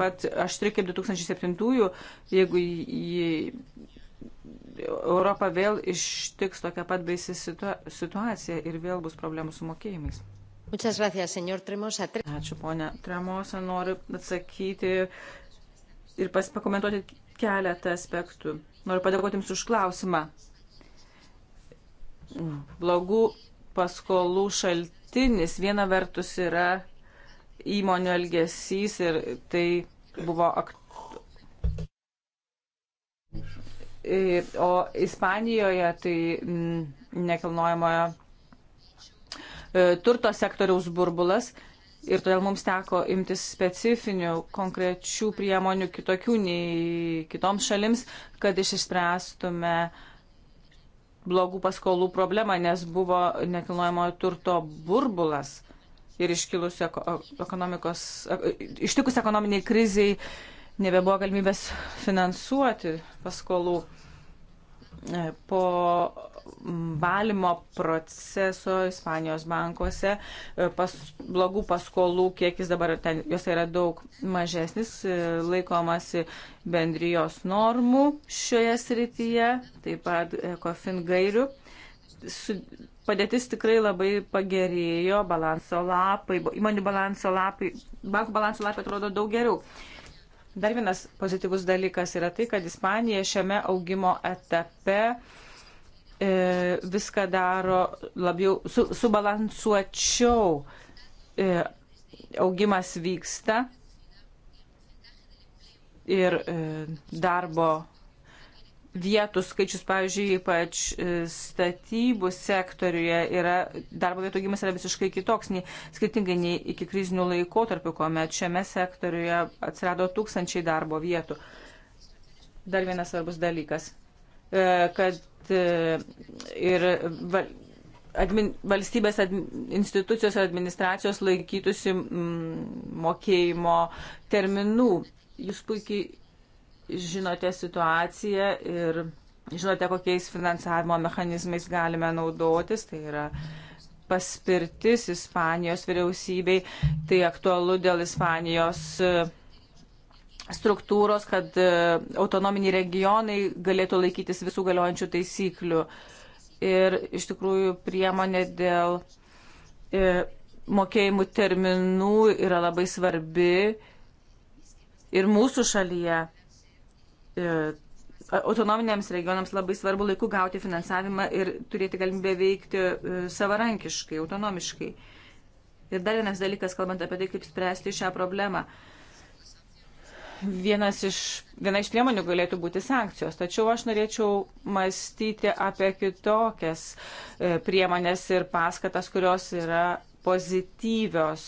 pat aštri kaip 2007-ųjų, jeigu jį, Europa vėl ištiks tokia pat baisi situa situacija ir vėl bus problemų su mokėjimais. Gracias, Ačiū, ponia Tremosa, noriu atsakyti ir pakomentuoti keletą aspektų. Noriu padėkoti Jums už klausimą. Blogų paskolų šaltinis viena vertus yra įmonių elgesys ir tai buvo aktualu. O Ispanijoje tai mm, nekilnojamojo e, turto sektoriaus burbulas ir todėl mums teko imtis specifinių konkrečių priemonių kitokių nei kitoms šalims, kad išspręstume blogų paskolų problemą, nes buvo nekilnojamojo turto burbulas ir iškilus ekonomikos, e, ištikus ekonominiai kriziai nebebuvo galimybės finansuoti paskolų. E, po valymo proceso Ispanijos bankuose. E, pas, blogų paskolų kiekis dabar ten, jos yra daug mažesnis, e, laikomasi bendrijos normų šioje srityje, taip pat kofin gairių. Su, padėtis tikrai labai pagerėjo, balanso lapai, įmonių balanso lapai, bankų balanso lapai atrodo daug geriau. Dar vienas pozityvus dalykas yra tai, kad Ispanija šiame augimo etape uh, e, viską daro labiau su, subalansuočiau. E, augimas vyksta ir e, darbo vietų skaičius, pavyzdžiui, ypač e, statybų sektoriuje yra, darbo vietų augimas yra visiškai kitoks, nei, skirtingai nei iki krizinių laikotarpių, kuomet šiame sektoriuje atsirado tūkstančiai darbo vietų. Dar vienas svarbus dalykas. E, kad e, ir admin, valstybės admin, institucijos ir administracijos laikytųsi mokėjimo terminų. Jūs puikiai žinote situaciją ir žinote, kokiais finansavimo mechanizmais galime naudotis. Tai yra paspirtis Ispanijos vyriausybei, tai aktualu dėl Ispanijos e, struktūros, kad e, autonominiai regionai galėtų laikytis visų galiojančių taisyklių. Ir iš tikrųjų priemonė dėl e, mokėjimų terminų yra labai svarbi ir mūsų šalyje. E, autonominiams regionams labai svarbu laiku gauti finansavimą ir turėti galimybę veikti savarankiškai, autonomiškai. Ir dar vienas dalykas, kalbant apie tai, kaip spręsti šią problemą. Uh, vienas iš, viena iš priemonių galėtų būti sankcijos, tačiau aš norėčiau mąstyti apie kitokias e, priemonės ir paskatas, kurios yra pozityvios,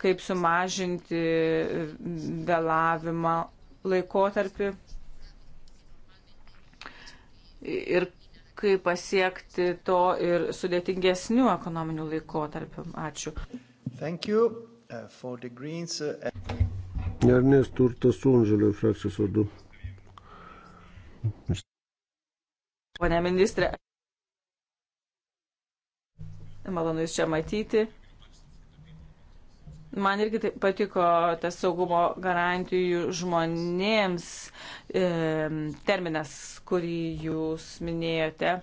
kaip sumažinti vėlavimą laikotarpį ir kaip pasiekti to ir sudėtingesnių ekonominių laikotarpių. Ačiū. Thank you uh, for the Greens. Uh, Ernest Urtasun, Žaliųjų frakcijos vardu. Pone ministrė, malonu Jūs čia matyti. Man irgi patiko tas saugumo garantijų žmonėms e, terminas, kurį Jūs minėjote.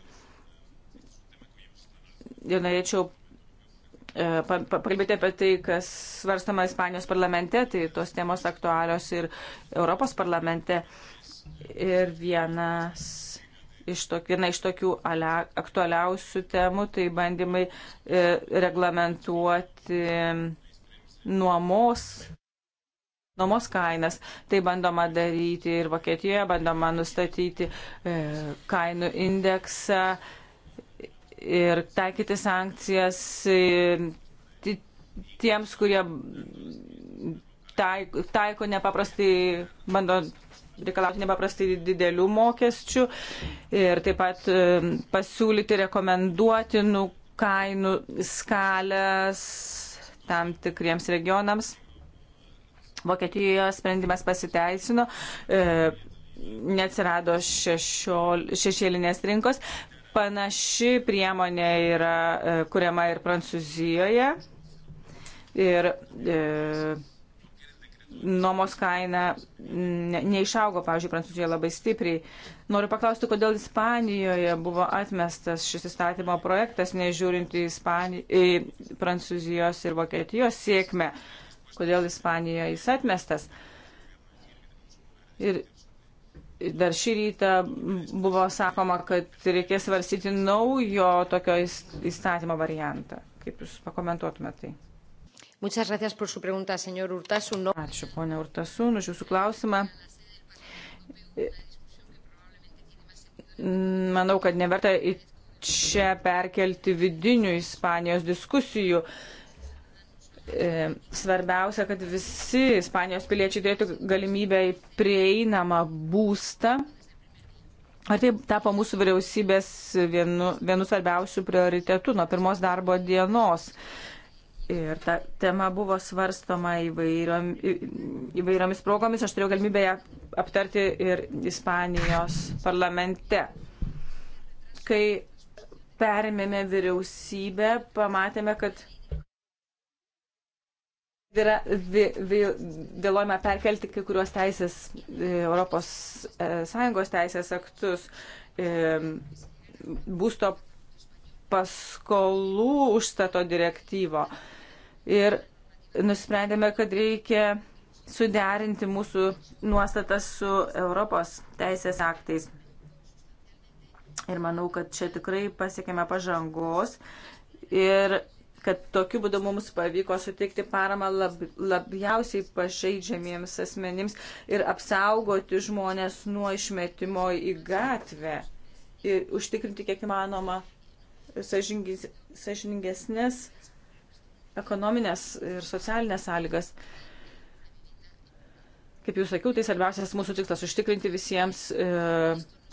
Ir norėčiau E, pakalbėti apie tai, kas svarstama Ispanijos parlamente, tai tos temos aktualios ir Europos parlamente. Ir vienas iš tok, viena iš tokių ale, aktualiausių temų tai bandymai e, reglamentuoti nuomos. Nuomos kainas. Tai bandoma daryti ir Vokietijoje, bandoma nustatyti e, kainų indeksą, e, ir taikyti sankcijas e, tiems, kurie taiko, taiko nepaprastai, bando reikalauti nepaprastai didelių mokesčių ir taip pat e, pasiūlyti rekomenduotinų nu, kainų skalės tam tikriems regionams. Vokietijoje sprendimas pasiteisino, e, neatsirado šešiolinės rinkos, Panaši priemonė yra e, kuriama ir Prancūzijoje. Ir e, nuomos kaina neišaugo, pavyzdžiui, Prancūzijoje labai stipriai. Noriu paklausti, kodėl Ispanijoje buvo atmestas šis įstatymo projektas, nežiūrint į, Ispani... į Prancūzijos ir Vokietijos sėkmę. Kodėl Ispanijoje jis atmestas? Ir Dar šį rytą buvo sakoma, kad reikės svarstyti naujo tokio įstatymo variantą. Kaip Jūs pakomentuotumėte tai? Muchas gracias por su pregunta, señor Urtasun. No... Ačiū, ponia Urtasun, už Jūsų klausimą. Manau, kad neverta čia perkelti vidinių Ispanijos diskusijų. Uh, E, svarbiausia, kad visi Ispanijos piliečiai turėtų galimybę į prieinamą būstą. Ar tai tapo mūsų vyriausybės vienu, vienu svarbiausių prioritetų nuo pirmos darbo dienos? Ir ta tema buvo svarstoma įvairiom, įvairiomis progomis. Aš turėjau galimybę ją aptarti ir Ispanijos parlamente. Kai perėmėme vyriausybę, pamatėme, kad yra vėluojama perkelti kai kuriuos teisės e, Europos e, Sąjungos teisės aktus e, būsto paskolų užstato direktyvo. Ir nusprendėme, kad reikia suderinti mūsų nuostatas su Europos teisės aktais. Ir manau, kad čia tikrai pasiekėme pažangos ir kad tokiu būdu mums pavyko suteikti paramą lab, labiausiai pažeidžiamiems asmenims ir apsaugoti žmonės nuo išmetimo į gatvę ir užtikrinti kiek įmanoma sažingesnės ekonominės ir socialinės sąlygas. Kaip jau sakiau, tai svarbiausias mūsų tikslas - užtikrinti visiems e,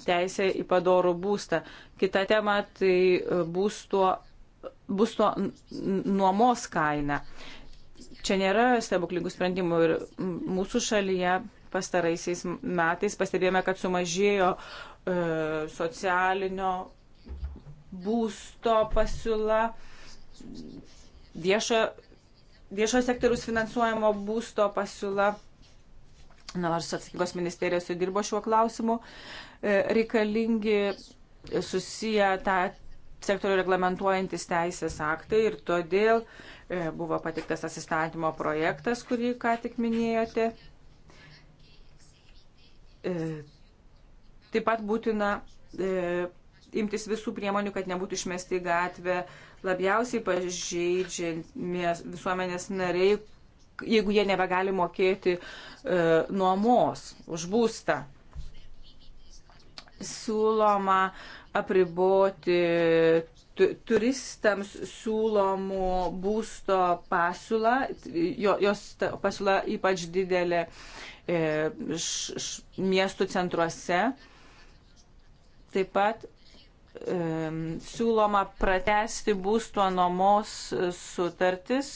teisę į padorų būstą. Kita tema - tai būsto bus to nuomos kaina. Čia nėra stebuklingų sprendimų ir mūsų šalyje pastaraisiais metais pastebėjome, kad sumažėjo e, socialinio būsto pasiūla, viešo, viešo sektoriaus finansuojamo būsto pasiūla. Na, nors atsakingos ministerijos jau dirbo šiuo klausimu, e, reikalingi susiję tą sektorių reglamentuojantis teisės aktai ir todėl e, buvo patiktas tas įstatymo projektas, kurį ką tik minėjote. E, taip pat būtina e, imtis visų priemonių, kad nebūtų išmesti gatvę labiausiai pažeidžiami visuomenės nariai, jeigu jie nebegali mokėti e, nuomos už būstą. Siūloma apriboti turistams siūlomų būsto pasiūlą, jo, jos pasiūla ypač didelė e, š, š, miestų centruose. Taip pat e, siūloma pratesti būsto nuomos sutartis.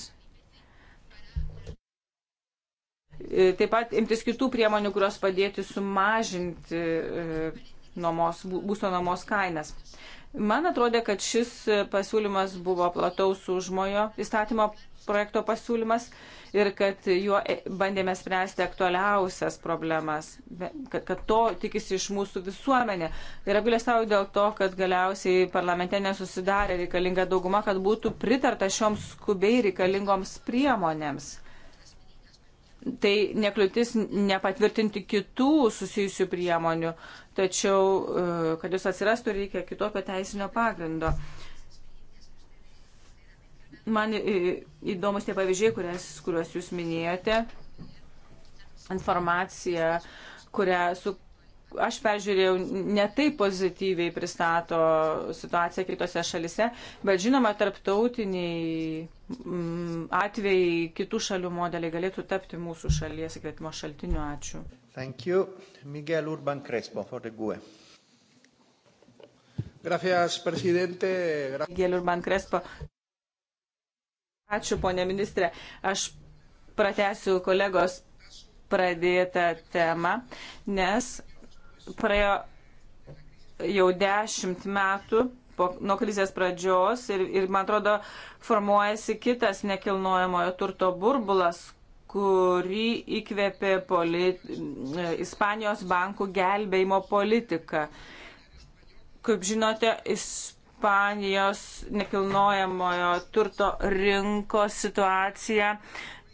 E, taip pat imtis kitų priemonių, kurios padėti sumažinti nuomos, būsto nuomos kainas. Man atrodė, kad šis pasiūlymas buvo plataus užmojo įstatymo projekto pasiūlymas ir kad juo e, bandėme spręsti aktualiausias problemas, kad, kad to tikisi iš mūsų visuomenė. Ir apgalėstauju dėl to, kad galiausiai parlamente nesusidarė reikalinga dauguma, kad būtų pritarta šioms skubiai reikalingoms priemonėms. Tai nekliūtis nepatvirtinti kitų susijusių priemonių, tačiau, e, kad jis atsirastų, reikia kitokio teisinio pagrindo. Man įdomus tie pavyzdžiai, kurias, kuriuos jūs minėjote, informacija, kurią su, aš peržiūrėjau, netai pozityviai pristato situaciją kitose šalise, bet žinoma, tarptautiniai Mm, atvejai kitų šalių modeliai galėtų tapti mūsų šalies įkvėpimo šaltiniu. Ačiū. Thank you. Miguel Urban Crespo for the GUE. Gracias, presidente. Gra Miguel Urban Crespo. Ačiū, ponė ministrė. Aš pratęsiu kolegos pradėtą temą, nes praėjo jau dešimt metų po, nuo krizės pradžios ir, ir, man atrodo, formuojasi kitas nekilnojamojo turto burbulas, kurį įkvėpė polit, e, Ispanijos bankų gelbėjimo politika. Kaip žinote, Ispanijos nekilnojamojo turto rinkos situacija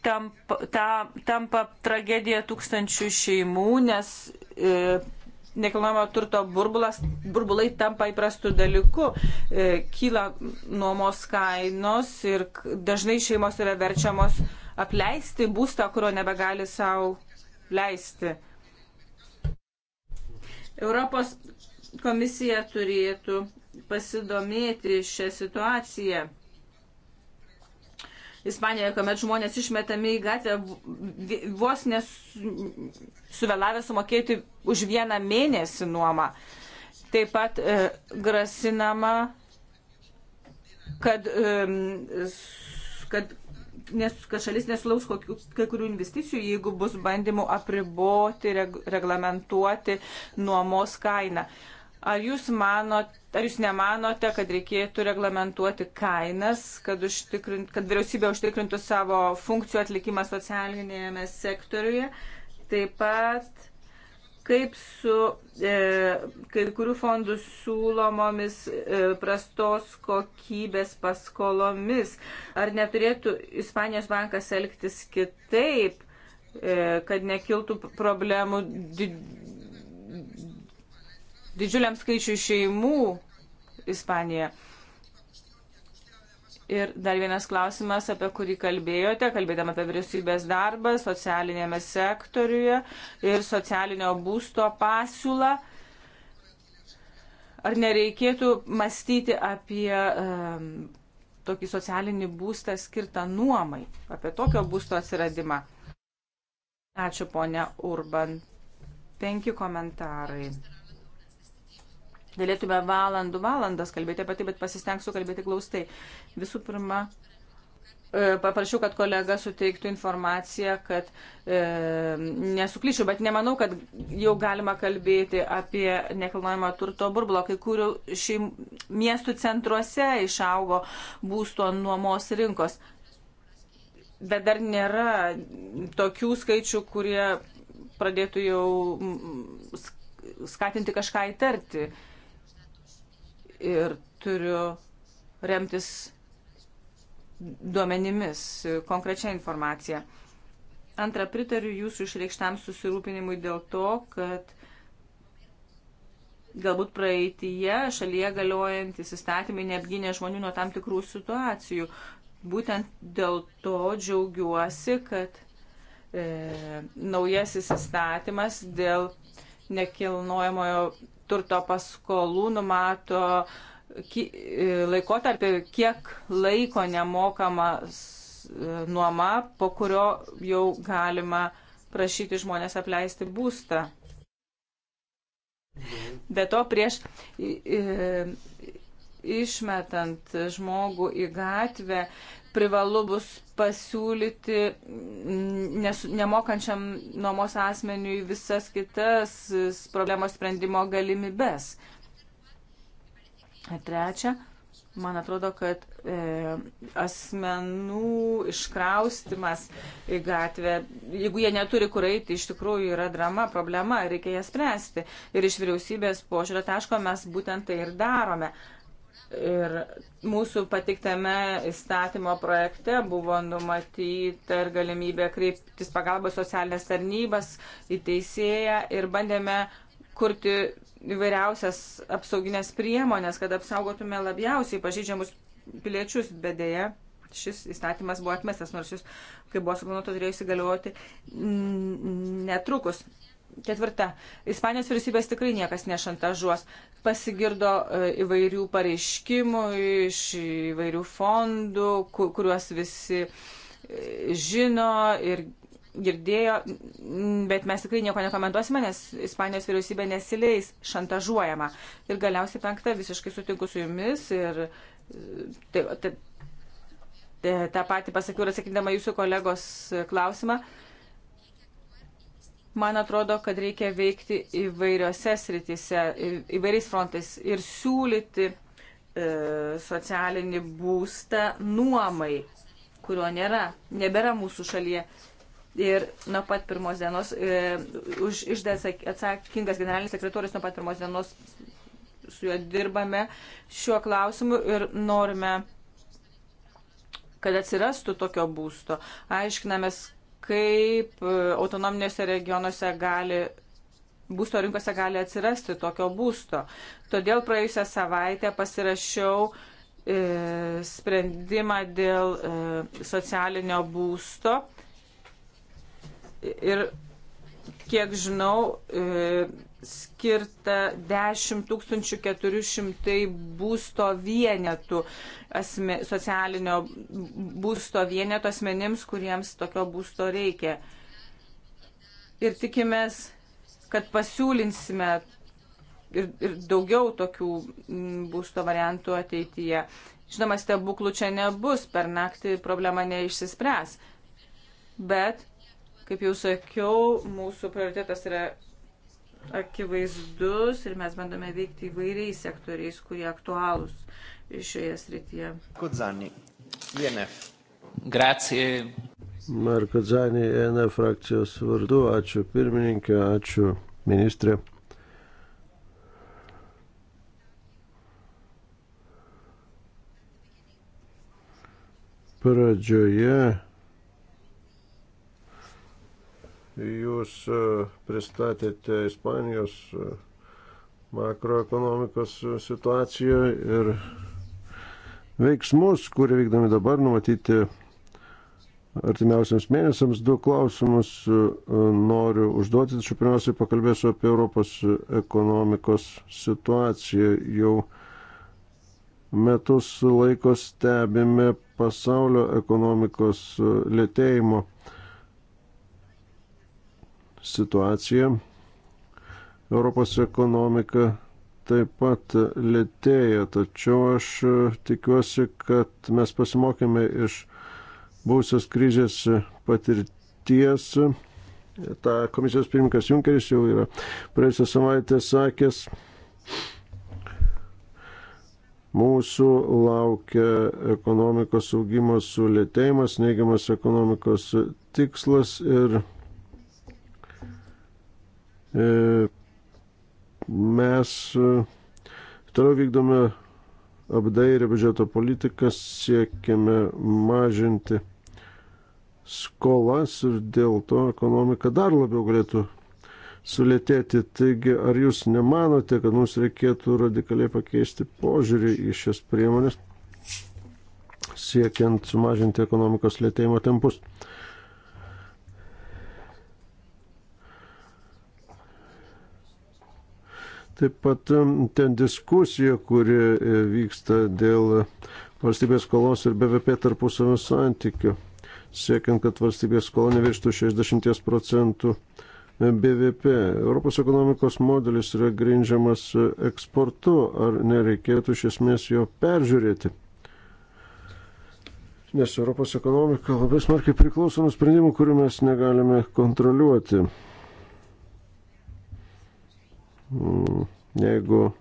tampa, ta, tampa tragedija tūkstančių šeimų, nes e, nekilnojamo turto burbulas, burbulai tampa įprastų dalykų. E, kyla nuomos kainos ir dažnai šeimos yra verčiamos apleisti būstą, kurio nebegali savo leisti. Europos komisija turėtų pasidomėti šią situaciją. Ispanijoje, kuomet žmonės išmetami į gatvę vos nesuvėlavę sumokėti už vieną mėnesį nuomą. Taip pat e, grasinama, kad, e, kad, nes, kad šalis nesulauks kokių, kai kurių investicijų, jeigu bus bandymų apriboti, reg, reglamentuoti nuomos kainą. E, Ar jūs, manot, ar jūs nemanote, kad reikėtų reglamentuoti kainas, kad, užtikrint, kad vyriausybė užtikrintų savo funkcijų atlikimą socialinėme sektoriuje? Taip pat, kaip su e, kai kurių fondų siūlomomis e, prastos kokybės paskolomis, ar neturėtų Ispanijos bankas elgtis kitaip, e, kad nekiltų problemų did didžiuliam skaičiui šeimų Ispanijoje. Ir dar vienas klausimas, apie kurį kalbėjote, kalbėdama apie vyriausybės darbą socialinėme sektoriuje ir socialinio būsto pasiūlą. Ar nereikėtų mąstyti apie um, tokį socialinį būstą skirtą nuomai, apie tokio būsto atsiradimą? Ačiū, ponia Urban. Penki komentarai. Galėtume valandų valandas kalbėti apie tai, bet pasistengsiu kalbėti glaustai. Visų pirma, e, paprašiau, kad kolega suteiktų informaciją, kad e, nesuklyšiu, bet nemanau, kad jau galima kalbėti apie nekilnojamo turto burblą, kai kurių šeim, miestų centruose išaugo būsto nuomos rinkos. Bet dar nėra tokių skaičių, kurie pradėtų jau skatinti kažką įtarti. E, ir turiu remtis duomenimis, konkrečia informacija. Antra, pritariu jūsų išreikštam susirūpinimui dėl to, kad galbūt praeitįje šalyje galiojantis įstatymai neapgynė žmonių nuo tam tikrų situacijų. Būtent dėl to džiaugiuosi, kad e, naujasis įstatymas dėl nekilnojamojo turto paskolų numato e, laikotarpį, kiek laiko nemokama e, nuoma, po kurio jau galima prašyti žmonės apleisti būstą. Be to, prieš išmetant žmogų į gatvę, privalu bus pasiūlyti nes, nemokančiam nuomos asmeniui visas kitas problemos sprendimo galimybes. Trečia, man atrodo, kad e, asmenų iškraustimas į gatvę, jeigu jie neturi kur eiti, iš tikrųjų yra drama, problema, reikia ją spręsti. Ir iš vyriausybės požiūrio taško mes būtent tai ir darome. E, Ir mūsų patiktame įstatymo projekte buvo numatyta ir galimybė kreiptis pagalbos socialinės tarnybas į teisėją ir bandėme kurti įvairiausias apsauginės priemonės, kad apsaugotume labiausiai pažydžiamus piliečius, bet dėja šis įstatymas buvo atmestas, nors jis, kaip buvo suplanuota, turėjo įsigalioti netrukus. Ketvirta. Ispanijos vyriausybės tikrai niekas nešantažuos. Pasigirdo e, įvairių pareiškimų iš įvairių fondų, kuriuos visi e, žino ir girdėjo, bet mes tikrai nieko nekomentuosime, nes Ispanijos vyriausybė nesileis šantažuojama. Ir galiausiai penkta, visiškai sutinku su jumis ir taip, e, taip, tą patį pasakiau ir atsakydama jūsų kolegos klausimą. Uh, Man atrodo, kad reikia veikti įvairiose sritise, įvairiais frontais ir siūlyti e, socialinį būstą nuomai, kurio nėra, nebėra mūsų šalyje. Ir nuo pat pirmos dienos, e, už išdę atsakingas generalinis sekretorius nuo pat pirmos dienos su juo dirbame šiuo klausimu ir norime, kad atsirastų tokio būsto. Aiškinamės, kaip e, autonominėse regionuose gali būsto rinkose gali atsirasti tokio būsto. Todėl praėjusią savaitę pasirašiau e, sprendimą dėl e, socialinio būsto ir kiek žinau, e, skirta 10 400 būsto vienetų, asme, socialinio būsto vienetų asmenims, kuriems tokio būsto reikia. Ir tikimės, kad pasiūlinsime ir, ir daugiau tokių būsto variantų ateityje. Žinoma, stebuklų čia nebus, per naktį problema neišsispręs. Bet Kaip jau sakiau, mūsų prioritetas yra akivaizdus ir mes bandome veikti įvairiais sektoriais, kurie aktualūs šioje srityje. Kudzani, INF. Gracija. Marko Dzani, INF frakcijos vardu, ačiū pirmininkė, ačiū ministrė. Pradžioje Jūs e, pristatėte Ispanijos e, makroekonomikos e, situaciją ir veiksmus, kurie vykdomi dabar, numatyti artimiausiams mėnesiams. Du klausimus noriu užduoti, tačiau pirmiausiai pakalbėsiu apie Europos ekonomikos situaciją. Jau metus laiko stebime pasaulio ekonomikos lėtėjimo situacija. Europos ekonomika taip pat lėtėja, tačiau aš tikiuosi, kad mes pasimokėme iš būsios krizės patirties. Ta komisijos pirmininkas Junkeris jau yra praėjusią savaitę sakęs, mūsų laukia ekonomikos augimas sulėtėjimas, neigiamas ekonomikos tikslas ir E, mes e, toliau vykdome apdairę biudžeto politiką, siekiame mažinti skolas ir dėl to ekonomika dar labiau galėtų sulėtėti. Taigi, ar jūs nemanote, kad mums reikėtų radikaliai pakeisti požiūrį į šias priemonės, siekiant sumažinti ekonomikos lėtėjimo tempus? Taip pat ten diskusija, kuri e, vyksta dėl valstybės skolos ir BVP tarpusavio santykių, siekiant, kad valstybės skola nevirštų 60 procentų BVP. Europos ekonomikos modelis yra grindžiamas e, eksportu, ar nereikėtų iš esmės jo peržiūrėti? Nes Europos ekonomika labai smarkiai priklauso nuo sprendimų, kurių mes negalime kontroliuoti. Mm, jeigu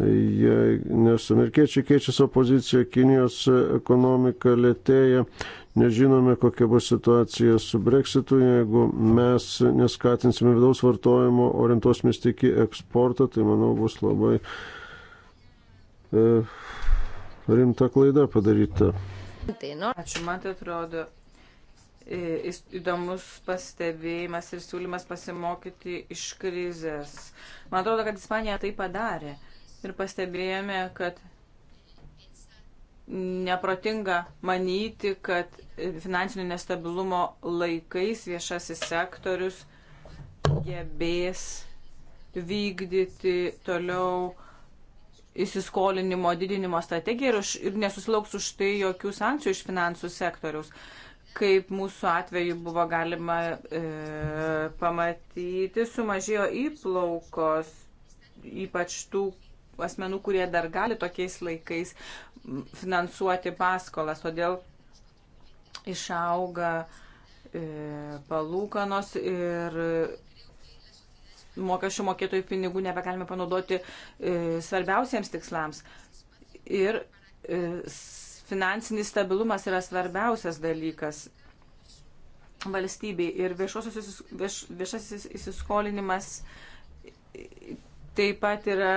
jei, nes amerikiečiai keičia savo poziciją, Kinijos ekonomika lėtėja, nežinome, kokia bus situacija su breksitu, jeigu mes neskatinsime vidaus vartojimo, orientuosimės tik į eksportą, tai manau bus labai e, rimta klaida padaryta. Tai, nu, Ačiū, man tai atrodo, įdomus pastebėjimas ir siūlymas pasimokyti iš krizės. Man atrodo, kad Ispanija tai padarė ir pastebėjome, kad neprotinga manyti, kad finansinio nestabilumo laikais viešasis sektorius gebės vykdyti toliau įsiskolinimo didinimo strategiją ir, už, ir nesusilauks už tai jokių sankcijų iš finansų sektoriaus kaip mūsų atveju buvo galima e, pamatyti, sumažėjo įplaukos, ypač tų asmenų, kurie dar gali tokiais laikais finansuoti paskolas, todėl išauga e, palūkanos ir mokesčių mokėtojų pinigų nebegalime panaudoti e, svarbiausiems tikslams. Ir e, finansinis stabilumas yra svarbiausias dalykas valstybei ir viešasis vieš, įsiskolinimas taip pat yra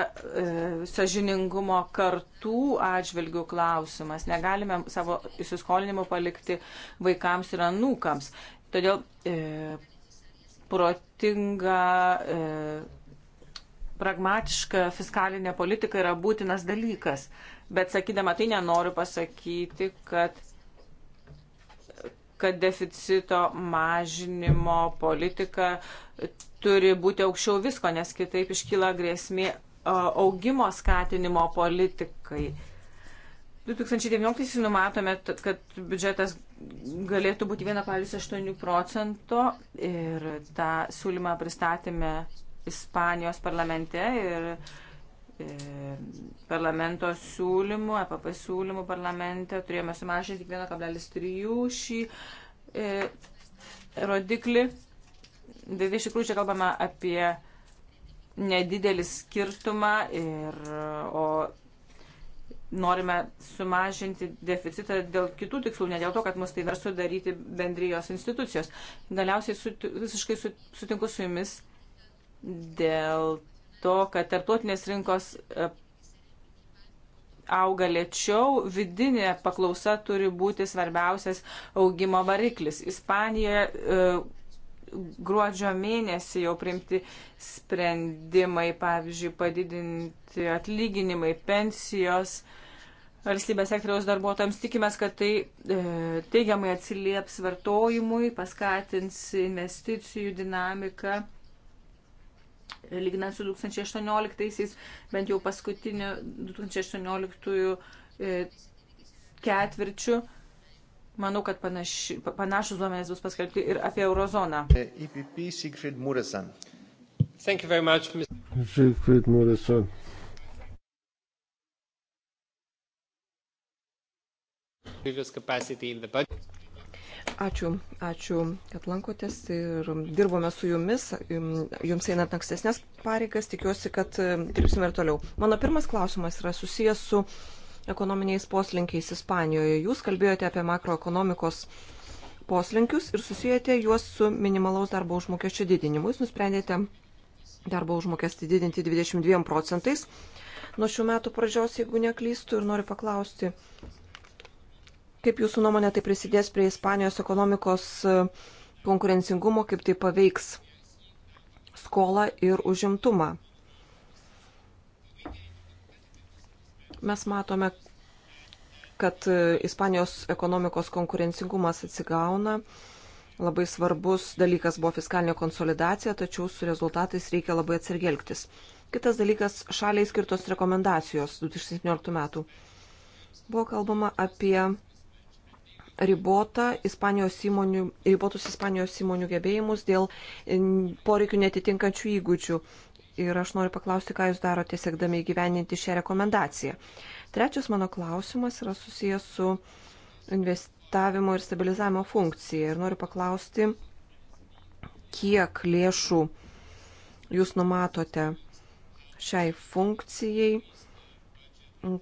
e, sažiningumo kartų atžvilgių klausimas. Negalime savo įsiskolinimo palikti vaikams ir anūkams. Todėl e, protinga, e, pragmatiška fiskalinė politika yra būtinas dalykas. E, bet sakydama tai nenoriu pasakyti, kad kad deficito mažinimo politika turi būti aukščiau visko, nes kitaip iškyla grėsmė augimo skatinimo politikai. 2019 numatome, kad biudžetas galėtų būti 1,8 procento ir tą siūlymą pristatėme Ispanijos parlamente ir E, parlamento siūlymų, EPP siūlymų parlamente, turėjome sumažinti tik 1,3 šį e, rodiklį. Bet iš tikrųjų čia kalbame apie nedidelį skirtumą ir o norime sumažinti deficitą dėl kitų tikslų, ne dėl to, kad mus tai versų daryti bendrijos institucijos. Galiausiai sut, visiškai sut, sutinku su jumis dėl to, kad tarptautinės rinkos e, auga lėčiau, vidinė paklausa turi būti svarbiausias augimo variklis. Ispanijoje e, gruodžio mėnesį jau priimti sprendimai, pavyzdžiui, padidinti atlyginimai, pensijos valstybės sektoriaus darbuotojams. Tikimės, kad tai e, teigiamai atsilieps vartojimui, paskatins investicijų dinamiką lyginant su 2018-aisiais, bent jau paskutiniu 2018-ųjų e, ketvirčiu. Manau, kad panaši, panašus duomenys bus paskelbti ir apie eurozoną. EPP Sigfrid Muresan. Much, Sigfrid Muresan. previous capacity in the budget. Ačiū, ačiū, kad lankotės ir dirbome su jumis, jums einant ankstesnės pareigas, tikiuosi, kad e, dirbsime ir toliau. Mano pirmas klausimas yra susijęs su ekonominiais poslinkiais Ispanijoje. Jūs kalbėjote apie makroekonomikos poslinkius ir susijęte juos su minimalaus darbo užmokesčio didinimu. Jūs nusprendėte darbo užmokestį didinti 22 procentais nuo šių metų pradžios, jeigu neklystu, ir noriu paklausti, Kaip jūsų nuomonė tai prisidės prie Ispanijos ekonomikos e, konkurencingumo, kaip tai paveiks skolą ir užimtumą? Mes matome, kad e, Ispanijos ekonomikos konkurencingumas atsigauna. Labai svarbus dalykas buvo fiskalinė konsolidacija, tačiau su rezultatais reikia labai atsargelgtis. Kitas dalykas - šaliai skirtos rekomendacijos 2017 metų. Buvo kalbama apie ribota Ispanijos įmonių, ribotus Ispanijos įmonių gebėjimus dėl e, poreikių netitinkančių įgūdžių. Ir aš noriu paklausti, ką jūs darote siekdami įgyveninti šią rekomendaciją. Trečias mano klausimas yra susijęs su investavimo ir stabilizavimo funkcija. Ir noriu paklausti, kiek lėšų jūs numatote šiai funkcijai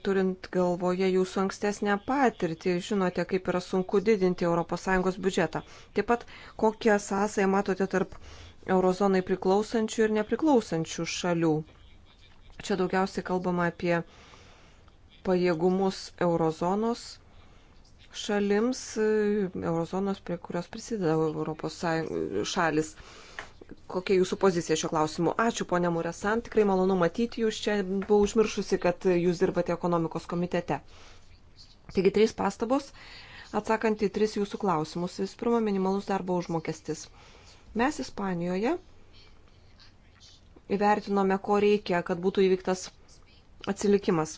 turint galvoje jūsų ankstesnę patirtį, žinote, kaip yra sunku didinti ES biudžetą. Taip pat, kokią sąsąją matote tarp eurozonai priklausančių ir nepriklausančių šalių. Čia daugiausiai kalbama apie pajėgumus eurozonos šalims, eurozonos, prie kurios prisideda Europos šalis kokia jūsų pozicija šio klausimu. Ačiū, ponė Muresan, tikrai malonu matyti jūs čia. Buvau užmiršusi, kad jūs dirbate ekonomikos komitete. Taigi, trys pastabos, atsakant į tris jūsų klausimus. Visų pirma, minimalus darbo užmokestis. Mes Ispanijoje įvertinome, ko reikia, kad būtų įvyktas atsilikimas.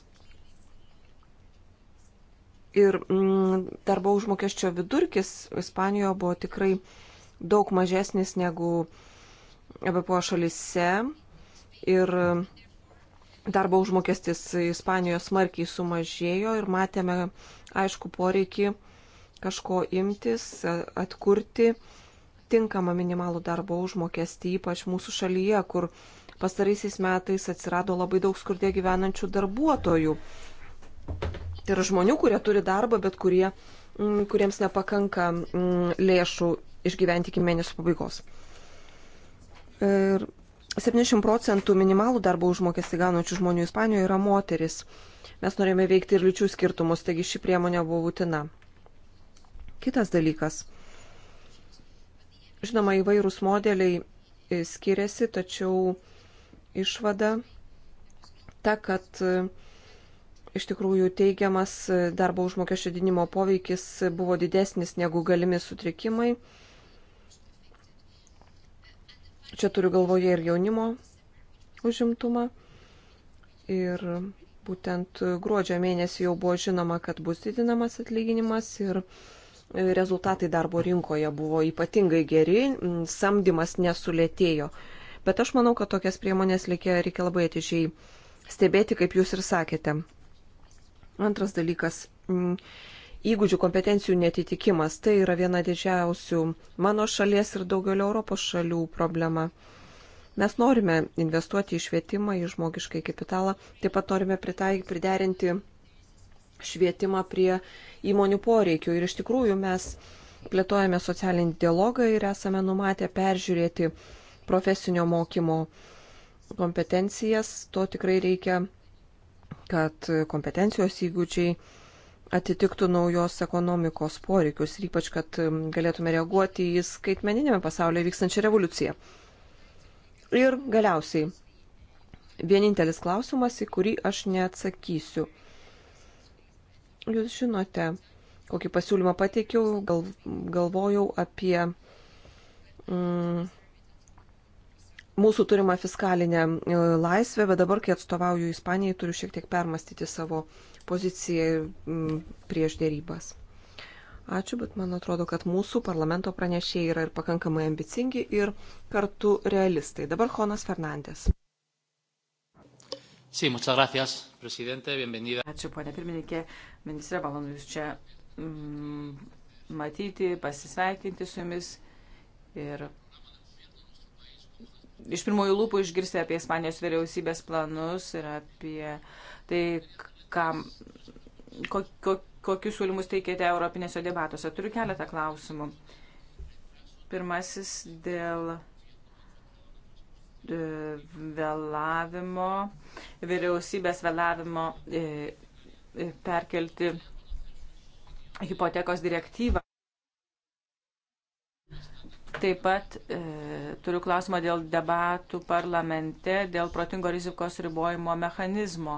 Ir mm, darbo užmokesčio vidurkis Ispanijoje buvo tikrai daug mažesnis negu uh, E BPO šalise ir darbo užmokestis Ispanijoje smarkiai sumažėjo ir matėme aišku poreikį kažko imtis, atkurti tinkamą minimalų darbo užmokestį, ypač mūsų šalyje, kur pastaraisiais metais atsirado labai daug skurdė gyvenančių darbuotojų. Tai yra žmonių, kurie turi darbą, bet kurie, kuriems nepakanka lėšų išgyventi iki mėnesio pabaigos. Ir 70 procentų minimalų darbo užmokestį gaunančių žmonių Ispanijoje yra moteris. Mes norėjome veikti ir lyčių skirtumus, taigi ši priemonė buvo būtina. Kitas dalykas. Žinoma, įvairūs modeliai e, skiriasi, tačiau išvada ta, kad e, iš tikrųjų teigiamas e, darbo užmokesčio didinimo poveikis buvo didesnis negu galimi sutrikimai. Čia turiu galvoje ir jaunimo užimtumą. Ir būtent gruodžio mėnesį jau buvo žinoma, kad bus didinamas atlyginimas ir rezultatai darbo rinkoje buvo ypatingai geri, samdymas nesulėtėjo. Bet aš manau, kad tokias priemonės reikia, reikia labai atidžiai stebėti, kaip jūs ir sakėte. Antras dalykas įgūdžių kompetencijų netitikimas. Tai yra viena didžiausių mano šalies ir daugelio Europos šalių problema. Mes norime investuoti į švietimą, į žmogiškai kapitalą, taip pat norime pritaik, priderinti švietimą prie įmonių poreikių. Ir iš tikrųjų mes plėtojame socialinį dialogą ir esame numatę peržiūrėti profesinio mokymo kompetencijas. To tikrai reikia, kad kompetencijos įgūdžiai atitiktų naujos ekonomikos poreikius ir ypač, kad um, galėtume reaguoti į skaitmeninėme pasaulyje vykstančią revoliuciją. Ir galiausiai, vienintelis klausimas, į kurį aš neatsakysiu. Jūs žinote, kokį pasiūlymą pateikiau, gal, galvojau apie mm, mūsų turimą fiskalinę e, laisvę, bet dabar, kai atstovauju Ispanijai, turiu šiek tiek permastyti savo poziciją prieš dėrybas. Ačiū, bet man atrodo, kad mūsų parlamento pranešėjai yra ir pakankamai ambicingi ir kartu realistai. Dabar Jonas Fernandės. Sí, muchas gracias, presidente, bienvenida. Ačiū, ponė pirmininkė. Ministrė, malonu Jūs čia mm, matyti, pasisveikinti su Jumis ir iš pirmųjų lūpų išgirsti apie Ispanijos vyriausybės planus ir apie tai, kam, ko, ko, kokius siūlymus teikėte Europinėse debatuose. Turiu keletą klausimų. Pirmasis dėl e, vėlavimo, vyriausybės vėlavimo e, e, perkelti hipotekos direktyvą. Taip pat e, turiu klausimą dėl debatų parlamente, dėl protingo rizikos ribojimo mechanizmo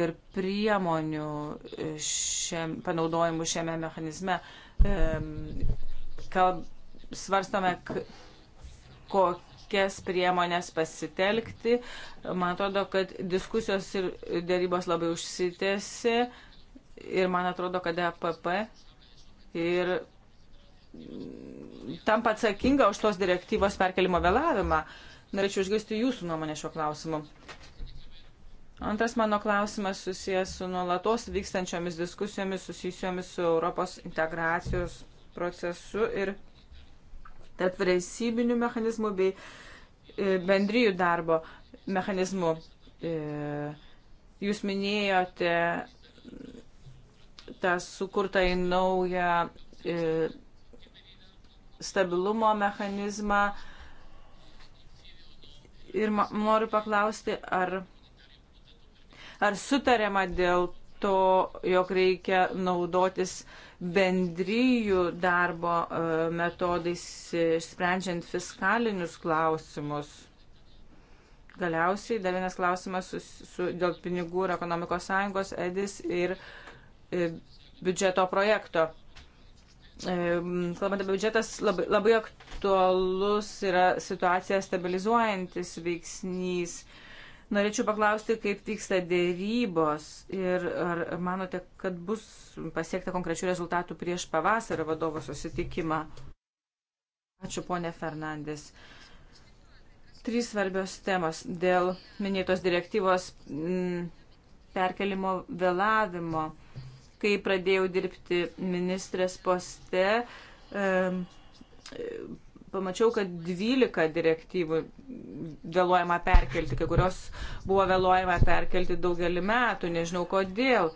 ir priemonių e, šiam, panaudojimų šiame mechanizme. E, kalb, svarstome, kokias priemonės pasitelkti. Man atrodo, kad diskusijos ir dėrybos labai užsitėsi ir man atrodo, kad EPP ir tampa atsakinga už tos direktyvos perkelimo vėlavimą. Norėčiau išgirsti jūsų nuomonę šiuo klausimu. Antras mano klausimas susijęs su nuolatos vykstančiomis diskusijomis susijusiomis su Europos integracijos procesu ir tarp vyriausybinių mechanizmų bei e, bendryjų darbo mechanizmų. E, jūs minėjote tą sukurtą į naują e, stabilumo mechanizmą. Ir noriu paklausti, ar, ar sutarėma dėl to, jog reikia naudotis bendryjų darbo e, metodais, sprendžiant fiskalinius klausimus. Galiausiai dar vienas klausimas su, su, dėl pinigų ir ekonomikos sąjungos, edis ir, ir e, biudžeto projekto kalbant apie biudžetas, labai, labai aktualus yra situacija stabilizuojantis veiksnys. Norėčiau paklausti, kaip vyksta dėrybos ir ar manote, kad bus pasiekta konkrečių rezultatų prieš pavasario vadovo susitikimą? Ačiū, ponė Fernandės. Trys svarbios temos dėl minėtos direktyvos m, perkelimo vėlavimo. M, kai pradėjau dirbti ministrės poste, pamačiau, kad 12 direktyvų vėluojama perkelti, kai kurios buvo vėluojama perkelti daugelį metų, nežinau kodėl.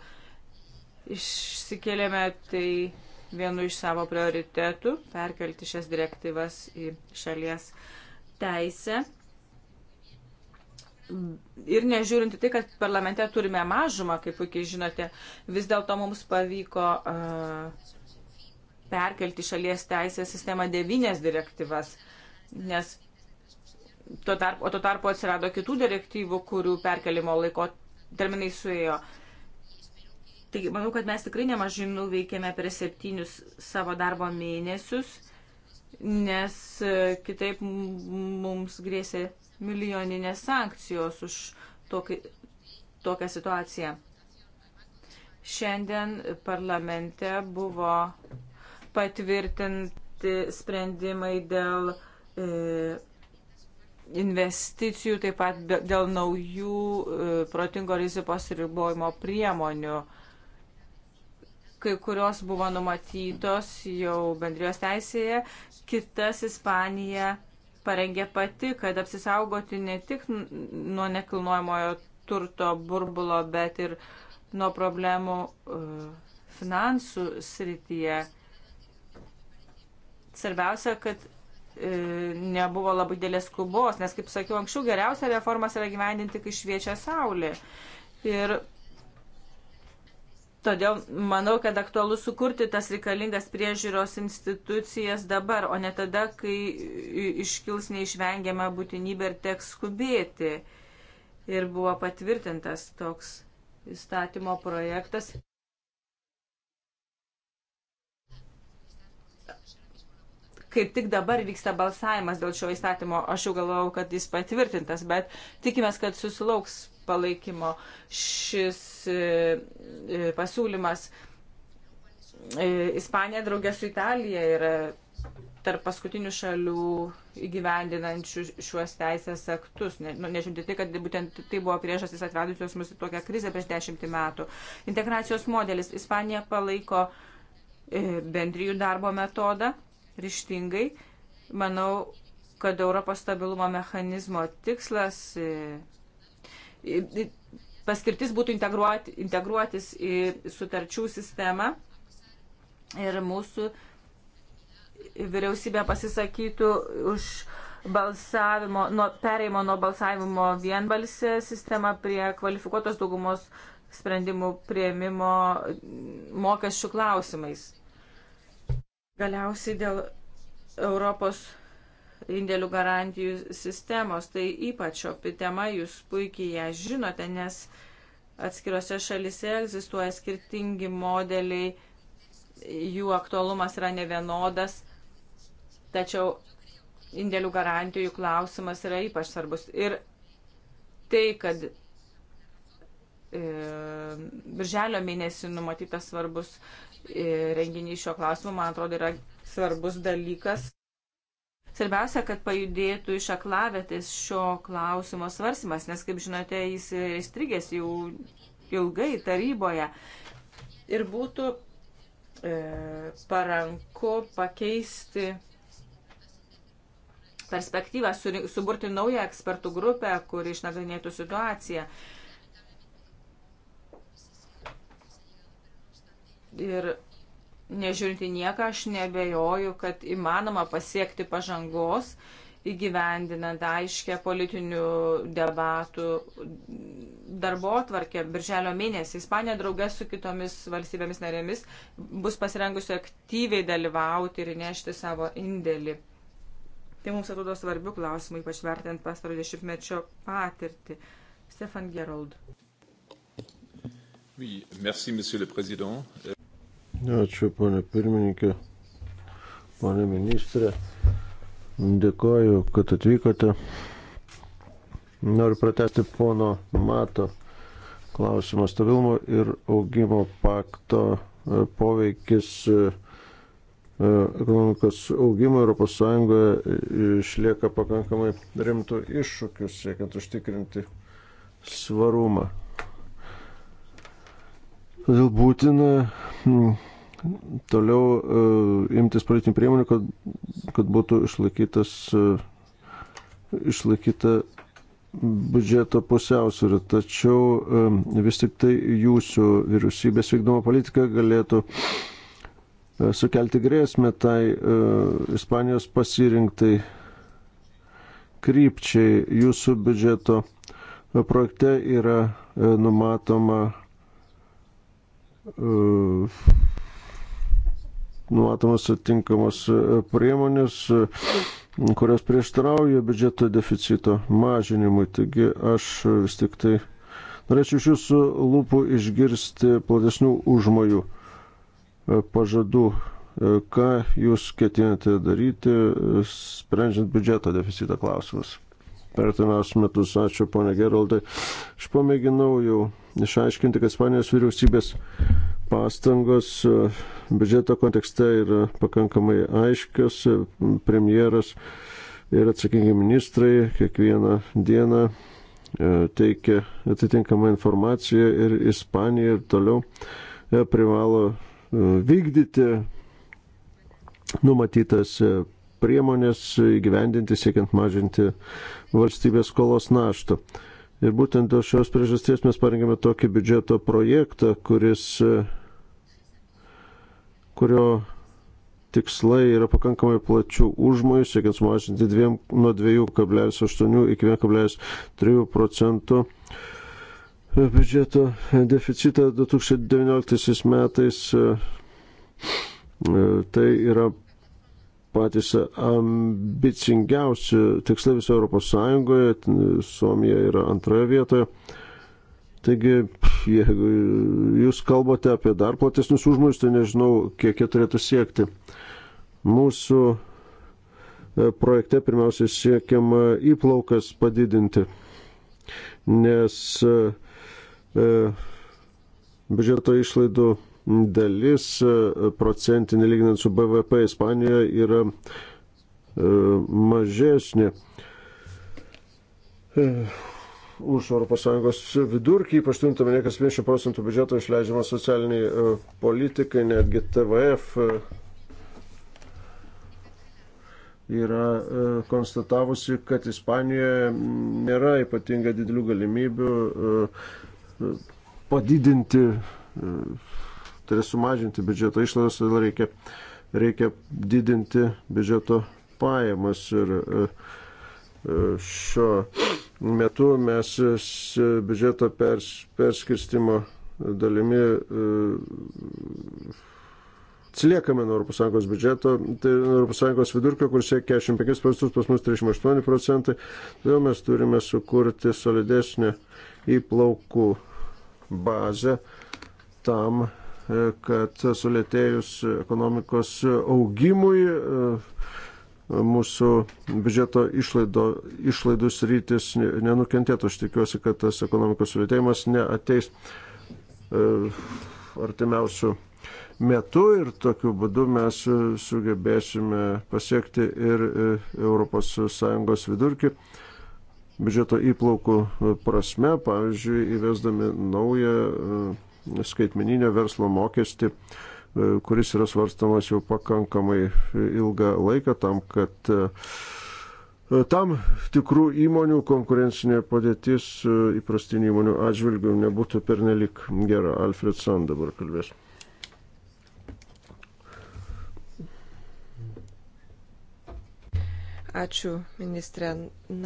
Išsikėlėme tai vienu iš savo prioritetų perkelti šias direktyvas į šalies teisę. Ir nežiūrinti tai, kad parlamente turime mažumą, kaip puikiai žinote, vis dėlto mums pavyko uh, perkelti šalies teisės sistemą devynės direktyvas, nes tuo tarp, o tuo tarpu atsirado kitų direktyvų, kurių perkelimo laiko terminai suėjo. Taigi, manau, kad mes tikrai nemažai nuveikėme per septynius savo darbo mėnesius, nes e, kitaip mums grėsė milijoninės sankcijos už tokį, tokią situaciją. Šiandien parlamente buvo patvirtinti sprendimai dėl e, investicijų, taip pat dėl naujų e, protingo rizikos ribojimo priemonių. Kai kurios buvo numatytos jau bendrijos teisėje, kitas Ispanija parengė pati, kad apsisaugoti ne tik nuo nekilnojamojo turto burbulo, bet ir nuo problemų e, finansų srityje. Svarbiausia, kad e, nebuvo labai dėlės skubos, nes, kaip sakiau anksčiau, geriausia reformas yra gyvendinti, kai šviečia saulė. Ir Todėl manau, kad aktualu sukurti tas reikalingas priežiūros institucijas dabar, o ne tada, kai iškils neišvengiama būtinybė ir teks skubėti. Ir buvo patvirtintas toks įstatymo projektas. Kaip tik dabar vyksta balsavimas dėl šio įstatymo, aš jau galvojau, kad jis patvirtintas, bet tikimės, kad susilauks palaikymo šis e, e, pasiūlymas. E, Ispanija draugė su Italija yra tarp paskutinių šalių įgyvendinančių šiuos teisės aktus. Ne, nu, Nežinti tai, kad būtent tai buvo priežastis atvedusios mus į tokią krizę prieš dešimtį metų. Integracijos modelis. Ispanija palaiko bendrijų darbo metodą ryštingai. Manau, kad Europos stabilumo mechanizmo tikslas paskirtis būtų integruoti, integruotis į sutarčių sistemą ir mūsų vyriausybė pasisakytų už balsavimo, nuo pereimo nuo balsavimo vienbalsė sistema prie kvalifikuotos daugumos sprendimų prieimimo mokesčių klausimais. Galiausiai dėl Europos indėlių garantijų sistemos. Tai ypač opi tema, jūs puikiai ją žinote, nes atskirose šalise egzistuoja skirtingi modeliai, jų aktualumas yra nevienodas, tačiau indėlių garantijų klausimas yra ypač svarbus. Ir tai, kad e, birželio mėnesį numatytas svarbus e, renginys šio klausimu, man atrodo, yra svarbus dalykas. Svarbiausia, kad pajudėtų iš aklavėtės šio klausimo svarstymas, nes, kaip žinote, jis įstrigęs jau ilgai taryboje. Ir būtų e, paranku pakeisti perspektyvą, suburti naują ekspertų grupę, kuri išnagrinėtų situaciją. Ir Nežiūrinti nieką, aš nebejoju, kad įmanoma pasiekti pažangos įgyvendinant aiškę politinių debatų darbo atvarkę. Birželio mėnesį Ispanija draugė su kitomis valstybėmis narėmis bus pasirengusi aktyviai dalyvauti ir nešti savo indėlį. Tai mums atrodo svarbių klausimų, ypač vertinant pastaro dešimtmečio patirtį. Stefan Gerold. Oui, merci, monsieur le président. Ačiū, ponė pirmininkė, ponė ministrė. Dėkoju, kad atvykote. Noriu pratesti pono Mato klausimą stabilumo ir augimo pakto e, poveikis e, e, ekonomikos augimo ES išlieka pakankamai rimtų iššūkių, siekiant užtikrinti svarumą. Todėl būtina toliau uh, imtis politinių priemonių, kad, kad būtų išlaikytas, uh, išlaikyta biudžeto pusiausvyrą, tačiau um, vis tik tai jūsų vyriausybės vykdoma politika galėtų uh, sukelti grėsmę tai uh, Ispanijos pasirinktai krypčiai. Jūsų biudžeto projekte yra uh, numatoma uh, numatomas atinkamos e, priemonės, e, kurios prieštarauja biudžeto deficito mažinimui. Taigi aš vis tik tai norėčiau iš jūsų lūpų išgirsti platesnių užmojų e, pažadų, ką jūs ketinate daryti, sprendžiant biudžeto deficito klausimus. Per artimiausius metus, ačiū ponė Geraldai, aš pamėginau jau išaiškinti, kad Ispanijos vyriausybės pastangos e, biudžeto kontekste yra pakankamai aiškios. E, premjeras ir atsakingi ministrai kiekvieną dieną e, teikia atitinkamą informaciją ir Ispanija ir toliau privalo vykdyti numatytas priemonės įgyvendinti siekiant mažinti valstybės skolos naštą. Ir būtent dėl šios priežasties mes parengėme tokį biudžeto projektą, kuris kurio tikslai yra pakankamai plačių užmojų, siekiant sumažinti dviem, nuo 2,8 iki 1,3 procentų biudžeto deficitą 2019 metais. Tai yra patys ambicingiausi tikslai viso Europos Sąjungoje, Suomija yra antroje vietoje. Taigi Jeigu jūs kalbate apie dar platesnius užmojus, tai nežinau, kiek jie turėtų siekti. Mūsų e, projekte pirmiausia siekiama įplaukas padidinti, nes e, e, biudžeto išlaidų dalis procentinė lyginant su BVP Ispanijoje yra mažesnė už ES vidurkį, ypač turint omenyje, kad 70 procentų biudžeto išleidžiama socialiniai e, politikai, netgi TVF e, yra e, konstatavusi, kad Ispanijoje nėra ypatinga didelių galimybių padidinti, tai yra sumažinti biudžeto išlaidas, todėl reikia, reikia didinti biudžeto pajamas ir uh, Šio metu mes biudžeto pers, perskirstimo dalimi e, atsiliekame nuo ES biudžeto, tai ES vidurkio, kur siekia 45 procentus, pas mus 38 procentai, todėl mes turime sukurti solidesnę įplaukų bazę tam, e, kad sulėtėjus ekonomikos augimui e, mūsų biudžeto išlaido, išlaidus rytis nenukentėtų. Aš tikiuosi, kad tas ekonomikos sulėtėjimas neateis e, artimiausių metų ir tokiu būdu mes sugebėsime pasiekti ir ES vidurkį biudžeto įplaukų prasme, pavyzdžiui, įvesdami naują e, skaitmeninio verslo mokestį E, kuris yra svarstamas jau pakankamai ilgą laiką tam, kad e, e, tam tikrų įmonių konkurencinė padėtis įprastinių įmonių atžvilgių nebūtų pernelik gera. Alfred Sand dabar kalbės. Ačiū, ministrė.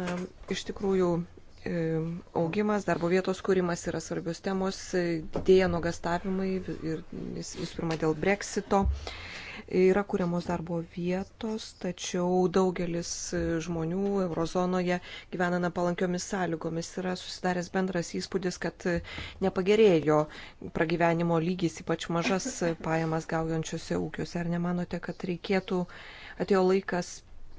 Na, iš tikrųjų, augimas, darbo vietos kūrimas yra svarbios temos, e, didėja nuogastavimai ir vis pirma dėl breksito. Yra kūriamos darbo vietos, tačiau daugelis e, žmonių eurozonoje gyvena nepalankiomis sąlygomis. Yra susidaręs bendras įspūdis, kad e, nepagerėjo pragyvenimo lygis, ypač mažas pajamas gaujančiose ūkiuose. Ar nemanote, kad reikėtų atėjo laikas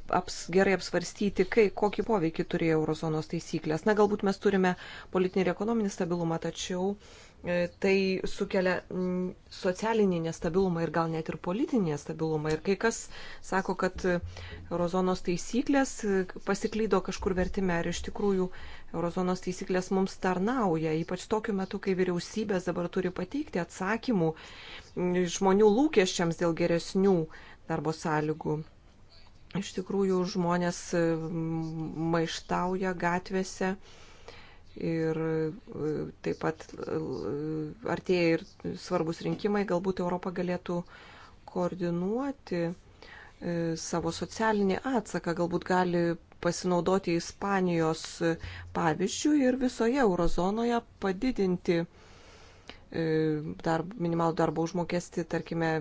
aps, gerai apsvarstyti, kai, kokį poveikį turėjo eurozonos taisyklės. Na, galbūt mes turime politinį ir ekonominį stabilumą, tačiau e, tai sukelia socialinį nestabilumą ir gal net ir politinį nestabilumą. Ir kai kas sako, kad e, eurozonos taisyklės e, pasiklydo kažkur vertime, ar iš tikrųjų eurozonos taisyklės mums tarnauja, ypač tokiu metu, kai vyriausybės dabar turi pateikti atsakymų žmonių lūkesčiams dėl geresnių darbo sąlygų. Iš tikrųjų, žmonės e, maištauja gatvėse ir e, taip pat e, artėja ir svarbus rinkimai, galbūt Europa galėtų koordinuoti savo socialinį atsaką, galbūt gali pasinaudoti Ispanijos pavyzdžių ir visoje eurozonoje padidinti E, darb, minimalų darbo užmokestį, tarkime,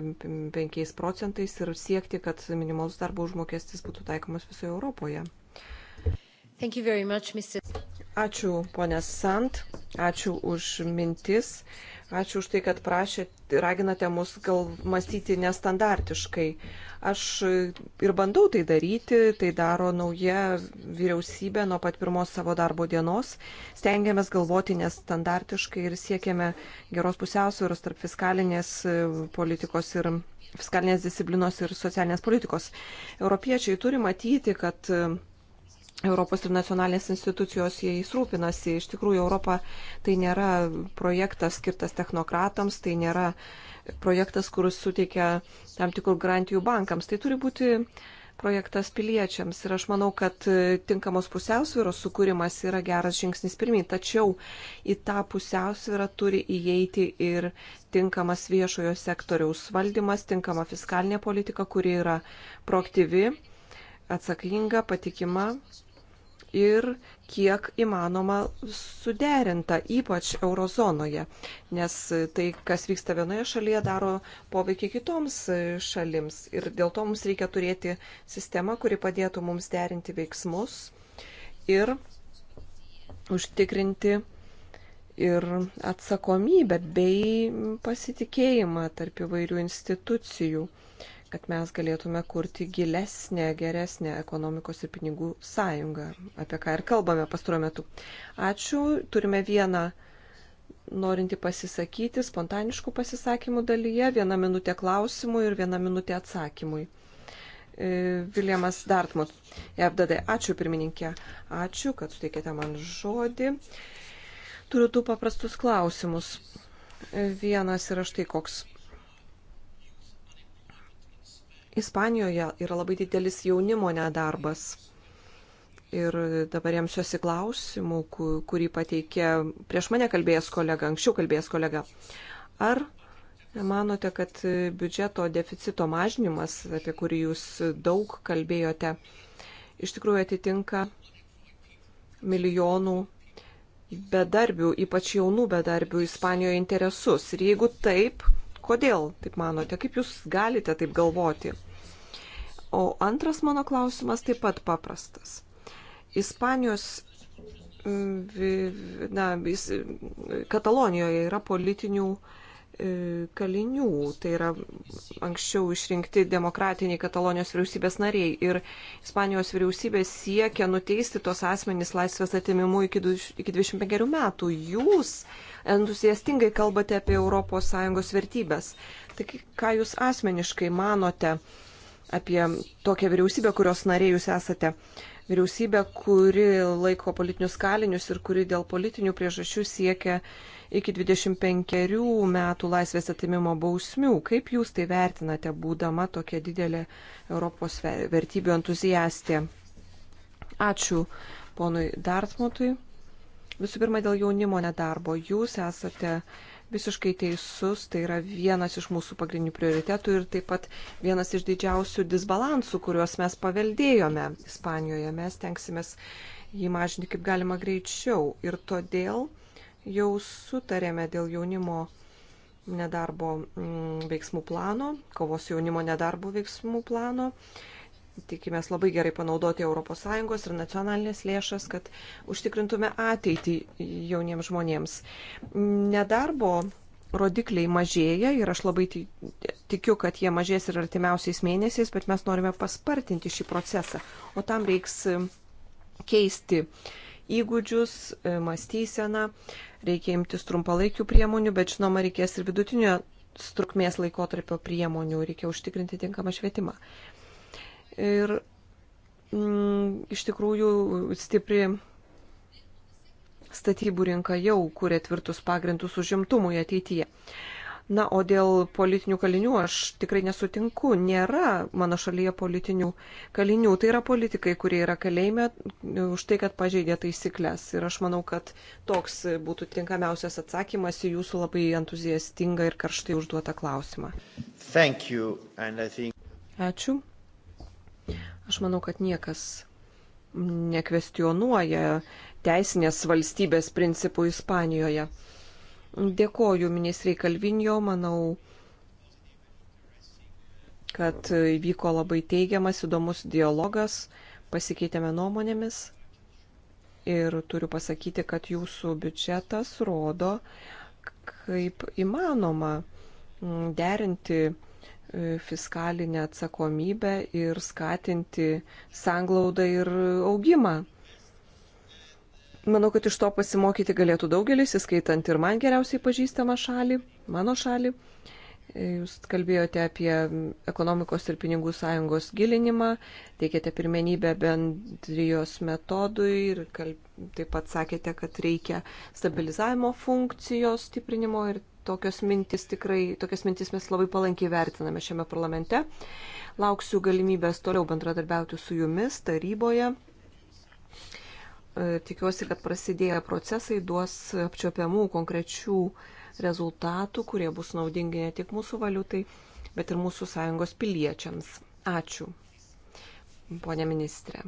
5 procentais ir siekti, kad minimalus darbo užmokestis būtų taikomas visoje Europoje. Much, Mrs. ačiū, ponė Sant, ačiū už mintis. Ačiū už tai, kad prašėte, raginate mus gal mąstyti nestandartiškai. Aš ir bandau tai daryti, tai daro nauja vyriausybė nuo pat pirmos savo darbo dienos. Stengiamės galvoti nestandartiškai ir siekiame geros pusiausvėros tarp fiskalinės politikos ir fiskalinės disciplinos ir socialinės politikos. Europiečiai turi matyti, kad Europos ir nacionalinės institucijos jais rūpinasi. Iš tikrųjų, Europa tai nėra projektas skirtas technokratams, tai nėra projektas, kuris suteikia tam tikrų garantijų bankams. Tai turi būti projektas piliečiams. Ir aš manau, kad tinkamos pusiausvėros sukūrimas yra geras žingsnis pirmin. Tačiau į tą pusiausvėrą turi įeiti ir tinkamas viešojo sektoriaus valdymas, tinkama fiskalinė politika, kuri yra proaktyvi atsakinga, patikima ir kiek įmanoma suderinta, ypač eurozonoje, nes tai, kas vyksta vienoje šalyje, daro poveikį kitoms šalims. Ir dėl to mums reikia turėti sistemą, kuri padėtų mums derinti veiksmus ir užtikrinti ir atsakomybę bei pasitikėjimą tarp įvairių institucijų kad mes galėtume kurti gilesnę, geresnę ekonomikos ir pinigų sąjungą, apie ką ir kalbame pastaruoju metu. Ačiū, turime vieną norinti pasisakyti, spontaniškų pasisakymų dalyje, vieną minutę klausimui ir vieną minutę atsakymui. E, Viljamas Dartmut, e FDD, ačiū pirmininkė, ačiū, kad suteikėte man žodį. Turiu du paprastus klausimus. Vienas yra štai koks Ispanijoje yra labai didelis jaunimo nedarbas. Ir dabar remsiuosi klausimu, kurį pateikė prieš mane kalbėjęs kolega, anksčiau kalbėjęs kolega. Ar manote, kad biudžeto deficito mažinimas, apie kurį jūs daug kalbėjote, iš tikrųjų atitinka milijonų bedarbių, ypač jaunų bedarbių Ispanijoje interesus? Ir jeigu taip, kodėl taip manote? Kaip jūs galite taip galvoti? O antras mano klausimas taip pat paprastas. Ispanijos, mm, na, Katalonijoje yra politinių e, kalinių, tai yra anksčiau išrinkti demokratiniai Katalonijos vyriausybės nariai ir Ispanijos vyriausybė siekia nuteisti tos asmenys laisvės atimimu iki 25 metų. Jūs entuziastingai kalbate apie ES vertybės. Tai ką jūs asmeniškai manote? apie tokią vyriausybę, kurios nariai jūs esate. Vyriausybė, kuri laiko politinius kalinius ir kuri dėl politinių priežasčių siekia iki 25 metų laisvės atimimo bausmių. Kaip jūs tai vertinate, būdama tokia didelė Europos vertybių entuziastė? Ačiū ponui Dartmutui. Visų pirma, dėl jaunimo nedarbo. Jūs esate visiškai teisus, tai yra vienas iš mūsų pagrindinių prioritetų ir taip pat vienas iš didžiausių disbalansų, kuriuos mes paveldėjome Ispanijoje. Mes tenksimės jį mažinti kaip galima greičiau ir todėl jau sutarėme dėl jaunimo nedarbo mm, veiksmų plano, kovos jaunimo nedarbo veiksmų plano tikimės labai gerai panaudoti ES ir nacionalinės lėšas, kad užtikrintume ateitį jauniems žmonėms. Nedarbo rodikliai mažėja ir aš labai tikiu, kad jie mažės ir artimiausiais mėnesiais, bet mes norime paspartinti šį procesą. O tam reiks um, keisti įgūdžius, um, mąstyseną, reikia imtis trumpalaikių priemonių, bet žinoma reikės ir vidutinio trukmės laikotarpio priemonių, reikia užtikrinti tinkamą švietimą ir m, mm, iš tikrųjų stipri statybų rinka jau kuria tvirtus pagrindus užimtumui ateityje. Na, o dėl politinių kalinių aš tikrai nesutinku. Nėra mano šalyje politinių kalinių. Tai yra politikai, kurie yra kalėjime už tai, kad pažeidė taisyklės. Ir aš manau, kad toks būtų tinkamiausias atsakymas į jūsų labai entuziastingą ir karštai užduotą klausimą. Think... Ačiū. Aš manau, kad niekas nekvestionuoja teisinės valstybės principų Ispanijoje. Dėkoju ministrei Kalvinio, manau, kad įvyko labai teigiamas, įdomus dialogas, pasikeitėme nuomonėmis ir turiu pasakyti, kad jūsų biudžetas rodo, kaip įmanoma derinti fiskalinę atsakomybę ir skatinti sanglaudą ir augimą. Manau, kad iš to pasimokyti galėtų daugelis, įskaitant ir man geriausiai pažįstamą šalį, mano šalį. Jūs kalbėjote apie ekonomikos ir pinigų sąjungos gilinimą, teikėte pirmenybę bendrijos metodui ir kalb... taip pat sakėte, kad reikia stabilizavimo funkcijos stiprinimo ir tokios mintis tikrai, tokias mintis mes labai palankiai vertiname šiame parlamente. Lauksiu galimybės toliau bendradarbiauti su jumis taryboje. E, tikiuosi, kad prasidėję procesai duos apčiopiamų konkrečių rezultatų, kurie bus naudingi ne tik mūsų valiutai, bet ir mūsų sąjungos piliečiams. Ačiū, ponė ministrė.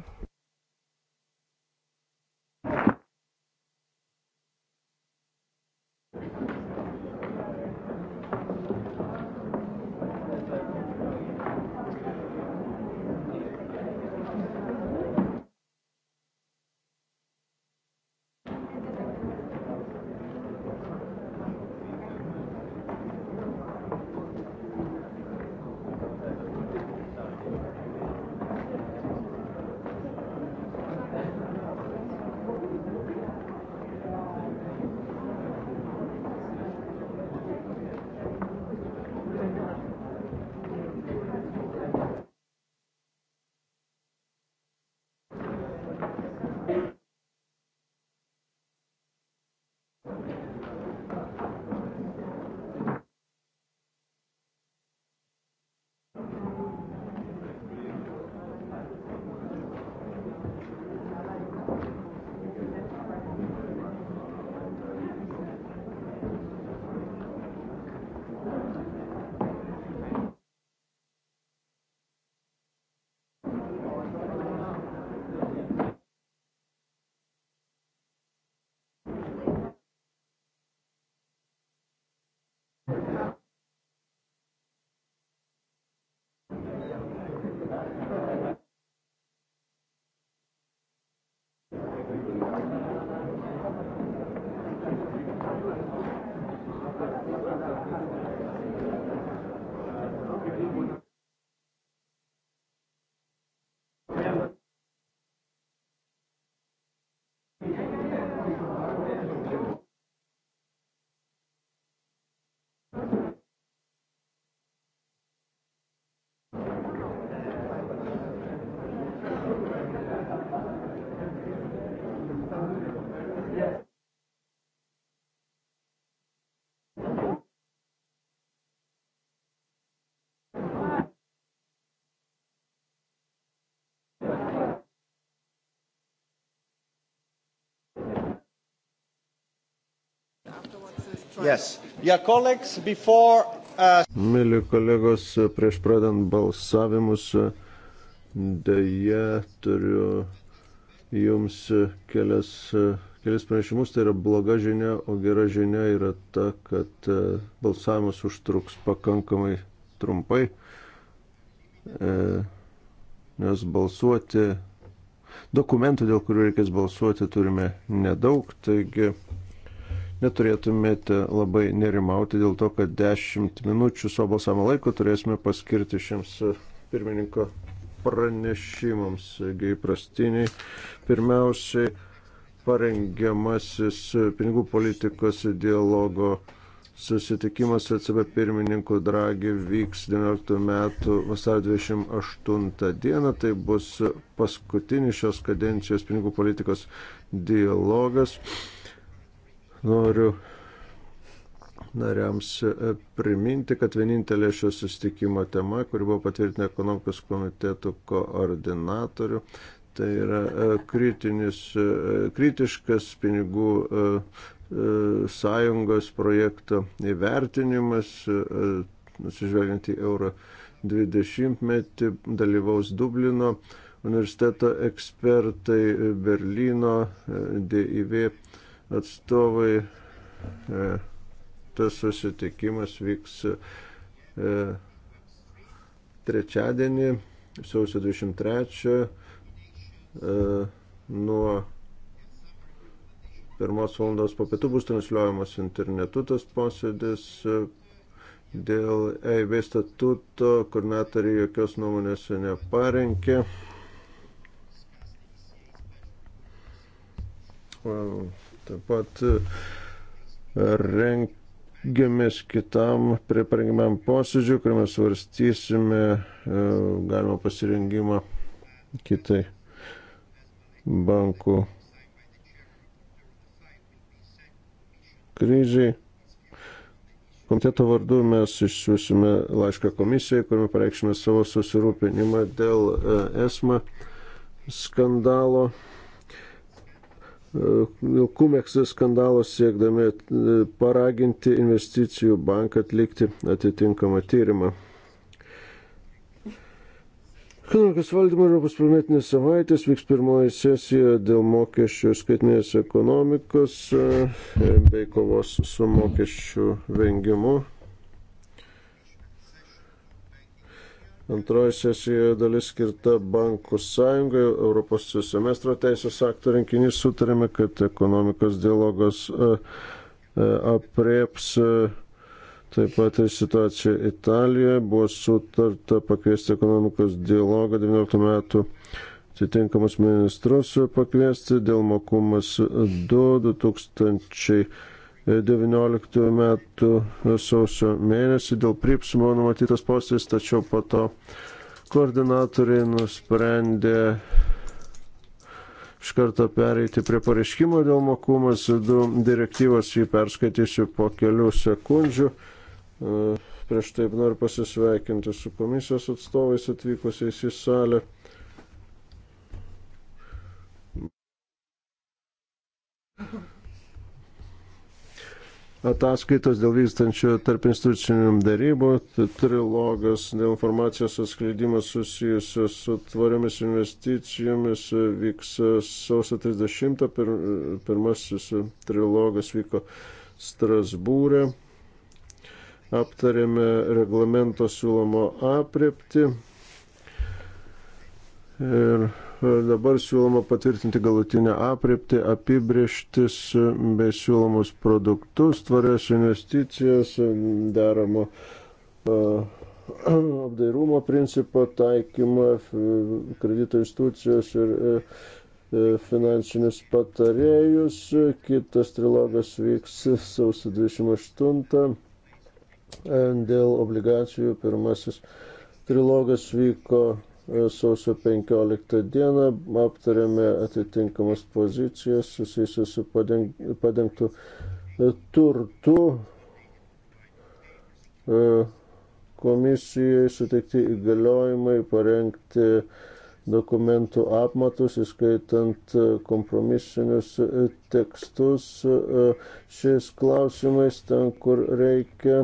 Yes. Yeah, colleagues, before, uh... Mili kolegos, prieš pradant balsavimus, dėja turiu jums kelias, kelias pranešimus. Tai yra bloga žinia, o gera žinia yra ta, kad e, balsavimas užtruks pakankamai trumpai, e, nes balsuoti, dokumentų, dėl kurių reikės balsuoti, turime nedaug. Taigi, neturėtumėte labai nerimauti dėl to, kad 10 minučių savo balsavimo laiko turėsime paskirti šiems e, pirmininko pranešimams, jeigu įprastiniai. Pirmiausiai parengiamasis pinigų politikos dialogo susitikimas su ECB pirmininku Dragi vyks 19 metų vasario 28 dieną. Tai bus paskutinis šios kadencijos pinigų politikos dialogas. Noriu nariams e, priminti, kad vienintelė šio sustikimo tema, kuri buvo patvirtinta ekonomikos komitetų koordinatorių, tai yra e, kritinis, e, kritiškas pinigų sąjungos projekto įvertinimas, nusižvelgiant į euro 20 metį, dalyvaus Dublino universiteto ekspertai, Berlyno, DIV atstovai. E, tas susitikimas vyks e, trečiadienį, sausio 23, e, nuo 1 val. po pietų bus transliuojamas internetu tas posėdis. Dėl EIB statuto koordinatoriai jokios nuomonės neparenkė. Wow. Taip pat e, rengiamės kitam preparengiamam posėdžiui, kuriame svarstysime e, galima pasirengimą kitai bankų kryžiai. Komiteto vardu mes išsiųsime laišką komisijai, kuriuo pareikšime savo susirūpinimą dėl e, esmą skandalo. E, Kumeksas skandalo siekdami e, paraginti investicijų banką atlikti atitinkamą tyrimą. Ekonomikos valdymo Europos parlamentinės savaitės vyks pirmoji sesija dėl mokesčių skaitinės ekonomikos e, bei kovos su mokesčių vengimu Antroji sesijoje dalis skirta bankų sąjungai, Europos semestro teisės aktų rinkinys sutarėme, kad ekonomikos dialogas e, e, aprieps e, taip pat ir situaciją Italijoje. Buvo sutarta pakviesti ekonomikos dialogą 19 metų atitinkamus ministrus pakviesti dėl mokumas 2 2000. 19 metų sausio mėnesį dėl prips buvo numatytas postis, tačiau po to koordinatoriai nusprendė iš karto pereiti prie pareiškimo dėl mokumas 2 direktyvos, jį perskaitysiu po kelių sekundžių. E, prieš taip noriu pasisveikinti su komisijos atstovais atvykusiais į salę ataskaitos dėl vykstančių tarp institucinių darybų, trilogas dėl informacijos atskleidimo susijusio su tvariomis investicijomis vyks sausio 30, pir, pirmasis trilogas vyko Strasbūrė, aptarėme reglamento siūlomo apriepti ir dabar siūloma patvirtinti galutinę apriepti, apibrieštis bei siūlomus produktus, tvarias investicijas, deramo apdairumo principo taikymą kredito institucijos ir e, e, finansinius patarėjus. Kitas trilogas vyks sausio 28 dėl obligacijų. Pirmasis trilogas vyko E, sausio 15 dieną aptarėme atitinkamas pozicijas susijusius su padengtų e, turtų e, komisijai suteikti įgaliojimai parengti dokumentų apmatus, įskaitant kompromisinius tekstus šiais klausimais, ten kur reikia.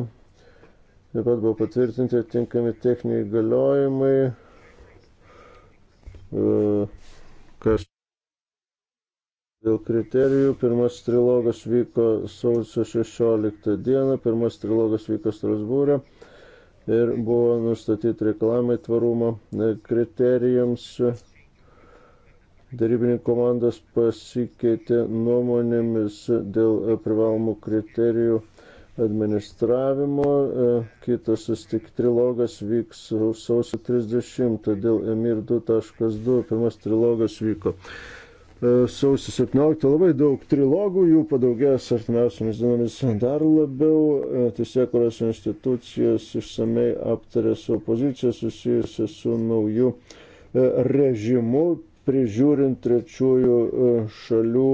Taip pat buvo patvirtinti atitinkami techniniai įgaliojimai E, kas dėl kriterijų. Pirmas trilogas vyko sausio 16 dieną, pirmas trilogas vyko Strasbūrė ir buvo nustatyti reklamai tvarumo kriterijams. Darybininkų komandos pasikeitė nuomonėmis dėl privalomų kriterijų administravimo. E, kitas sustik trilogas vyks sausio 30 dėl Emir 2.2. Pirmas trilogas vyko e, sausio 17 labai daug trilogų, jų padaugės artimiausiamis dienomis dar labiau. E, Teisėkuros institucijos išsamei aptarė savo poziciją susijusią su nauju režimu, prižiūrint trečiųjų šalių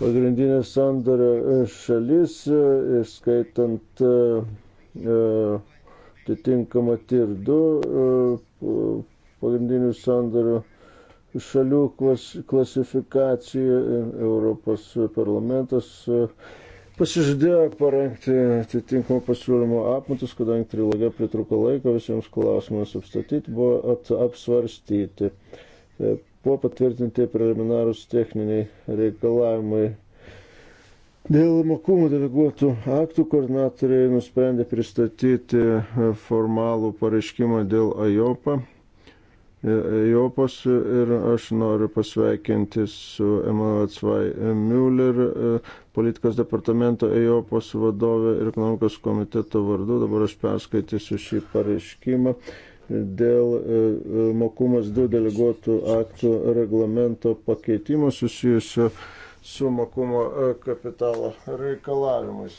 pagrindinė sandorio e, šalis, e, skaitant e, atitinkamą TIR 2 pagrindinių sandorių šalių klasifikaciją Europos parlamentas pasižadėjo parengti atitinkamą pasiūlymo apmatus, kadangi trilogija pritruko laiko visiems klausimams apstatyti, buvo at, apsvarstyti. Buvo patvirtinti preliminarūs techniniai reikalavimai. Dėl mokumų deleguotų aktų koordinatoriai nusprendė pristatyti formalų pareiškimą dėl AJOPA. Jopos ir aš noriu pasveikinti su Emanuel Cvai Müller, politikos departamento Jopos vadovė ir ekonomikos komiteto vardu. Dabar aš perskaitysiu šį pareiškimą dėl e, e, mokumas 2 deleguotų aktų reglamento pakeitimo susijusio su mokumo e, kapitalo reikalavimais.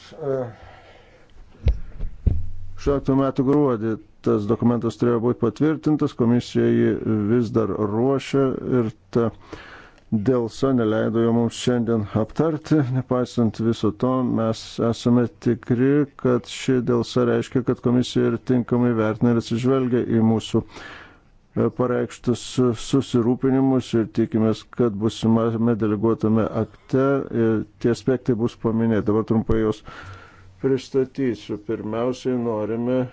Šiuo metu gruodį tas dokumentas turėjo būti patvirtintas, komisija jį vis dar ruošia ir ta. Uh, dėl so neleido jo mums šiandien aptarti. Nepaisant viso to, mes esame tikri, kad ši dėl so reiškia, kad komisija ir tinkamai vertina ir atsižvelgia į mūsų e, pareikštus susirūpinimus ir tikimės, kad busimame deleguotame akte e, tie aspektai bus paminėti. Dabar trumpai juos pristatysiu. Pirmiausiai norime